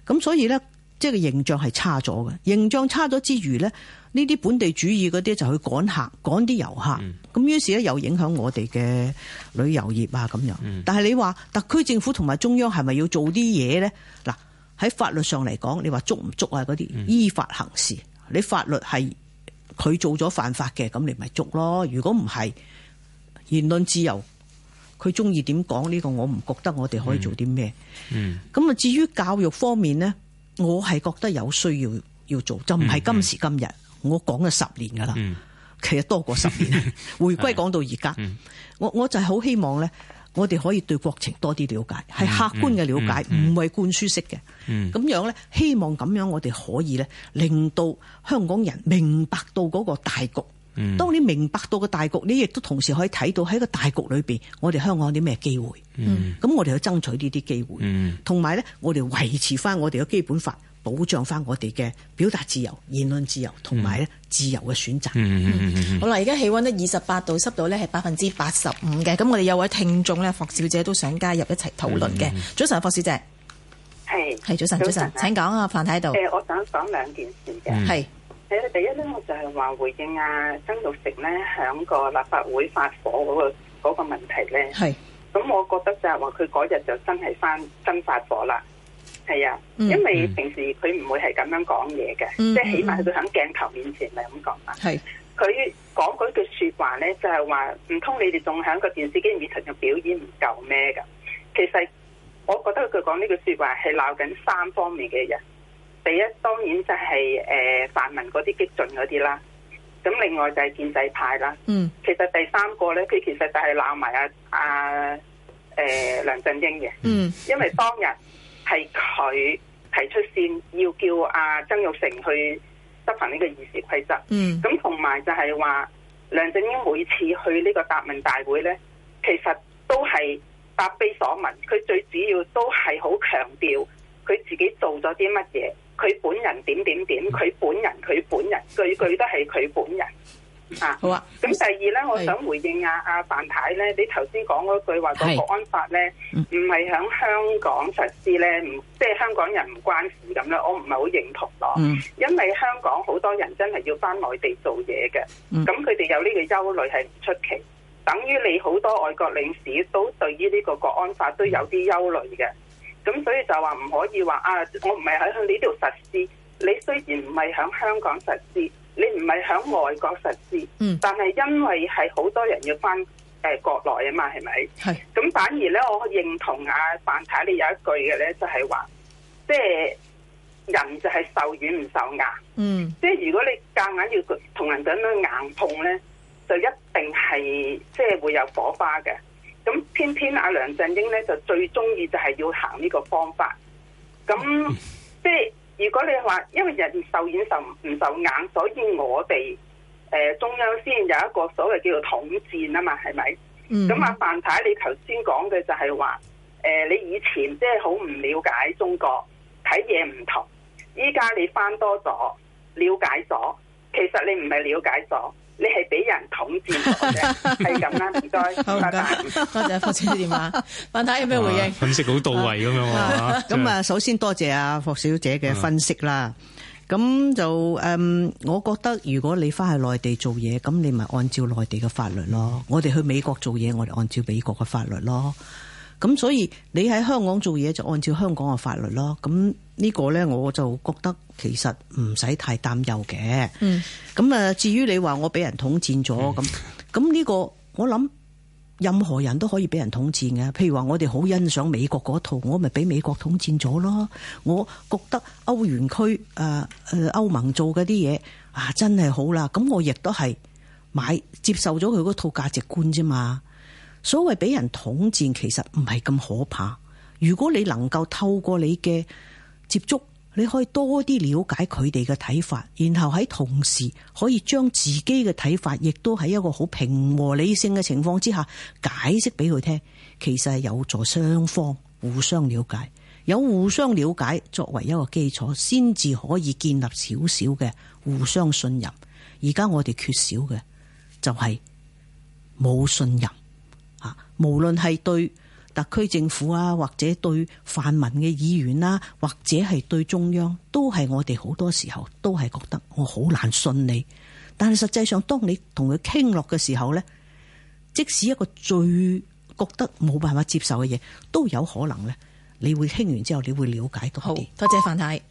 咁所以呢，即係形象係差咗嘅。形象差咗之餘呢，呢啲本地主義嗰啲就去趕客，趕啲遊客，咁、嗯、於是呢，又影響我哋嘅旅遊業啊咁樣。嗯、但係你話特區政府同埋中央係咪要做啲嘢呢？嗱喺法律上嚟講，你話捉唔捉啊嗰啲，嗯、依法行事，你法律係。佢做咗犯法嘅，咁你咪捉咯。如果唔係言論自由，佢中意點講呢個，我唔覺得我哋可以做啲咩、嗯。嗯。咁啊，至於教育方面咧，我係覺得有需要要做，就唔係今時今日。嗯嗯、我講咗十年噶啦，嗯、其實多過十年。嗯、回歸講到而家、嗯嗯，我我就係好希望咧。我哋可以對國情多啲了解，係客觀嘅了解，唔係灌輸式嘅。咁樣咧，希望咁樣我哋可以咧，令到香港人明白到嗰個大局。當你明白到個大局，你亦都同時可以睇到喺個大局裏面，我哋香港有啲咩機會。咁、嗯、我哋去爭取呢啲機會，同埋咧，我哋維持翻我哋嘅基本法。保障翻我哋嘅表達自由、言論自由同埋咧自由嘅選擇。嗯嗯、好啦，而家氣温呢，二十八度，濕度咧係百分之八十五嘅。咁我哋有位聽眾咧，霍小姐都想加入一齊討論嘅。嗯、早晨，霍小姐，係是，係早晨，早晨。早請講說啊，范太度。誒、呃，我想講兩件事嘅。係、嗯。誒，第一咧，我就係、是、話回應阿曾玉成咧，喺個立法會發火嗰個嗰個問題咧。係是。咁我覺得就係話佢嗰日就真係翻真發火啦。係啊，因為平時佢唔會係咁樣講嘢嘅，嗯、即係起碼佢喺鏡頭面前咪咁講啦。係佢講嗰句說話咧，就係話唔通你哋仲喺個電視機面前嘅表演，唔夠咩噶？其實我覺得佢講呢句說話係鬧緊三方面嘅人。第一，當然就係誒泛民嗰啲激進嗰啲啦。咁另外就係建制派啦。嗯。其實第三個咧，佢其實就係鬧埋阿阿誒梁振英嘅。嗯。因為當日。嗯係佢提出先，要叫阿曾鈺成去執行呢個議事規則。嗯，咁同埋就係話，梁振英每次去呢個答問大會呢，其實都係答非所問。佢最主要都係好強調佢自己做咗啲乜嘢，佢本人點點點，佢本人佢本人句句都係佢本人。啊，好啊！咁第二咧，是我想回應阿、啊、阿范太咧，你頭先講嗰句話個是國安法咧，唔係響香港實施咧，唔是即係香港人唔關事咁咧，我唔係好認同咯。嗯、因為香港好多人真係要返內地做嘢嘅，咁佢哋有呢個憂慮係唔出奇。等於你好多外國領事都對於呢個國安法都有啲憂慮嘅，咁所以就話唔可以話啊，我唔係喺呢度實施，你雖然唔係響香港實施。你唔係喺外國實施，嗯、但係因為係好多人要返誒國內啊嘛，係咪？係是。咁反而咧，我認同阿、啊、範太，你有一句嘅咧，就係、是、話，即、就、係、是、人就係受軟唔受硬。嗯。即係如果你夾硬要同人咁樣硬碰咧，就一定係即係會有火花嘅。咁偏偏阿、啊、梁振英咧就最鍾意就係要行呢個方法。咁、嗯、即係。如果你話，因為人受軟受唔受硬，所以我哋誒、呃、中央先有一個所謂叫做統戰啊嘛，係咪？咁、嗯、阿范太，你頭先講嘅就係話，誒、呃、你以前即係好唔了解中國，睇嘢唔同，依家你返多咗，了解咗，其實你唔係了解咗。你係俾人統戰我嘅，係咁啦，唔該，好唔該，多謝霍小姐電話。范太有咩回應？分析好到位咁樣啊！咁啊，首先多謝阿霍小姐嘅分析啦。咁就誒，我覺得如果你翻去內地做嘢，咁你咪按照內地嘅法律咯。我哋去美國做嘢，我哋按照美國嘅法律咯。咁所以你喺香港做嘢就按照香港嘅法律咯。咁呢個咧，我就覺得。其實唔使太擔憂嘅，咁啊、嗯，至於你話我俾人統戰咗咁，咁呢、嗯這個我諗任何人都可以俾人統戰嘅。譬如話我哋好欣賞美國嗰套，我咪俾美國統戰咗咯。我覺得歐元區誒誒歐盟做嗰啲嘢啊，真係好啦。咁我亦都係買接受咗佢嗰套價值觀啫嘛。所謂俾人統戰，其實唔係咁可怕。如果你能夠透過你嘅接觸。你可以多啲了解佢哋嘅睇法，然後喺同時可以將自己嘅睇法，亦都喺一個好平和理性嘅情況之下解釋俾佢聽。其實係有助雙方互相了解，有互相了解作為一個基礎，先至可以建立少少嘅互相信任。而家我哋缺少嘅就係冇信任啊，無論係對。特區政府啊，或者對泛民嘅議員啊，或者係對中央，都係我哋好多時候都係覺得我好難信你。但係實際上，當你同佢傾落嘅時候呢，即使一個最覺得冇辦法接受嘅嘢，都有可能呢，你會傾完之後你會了解多啲。好，多謝，多謝范太。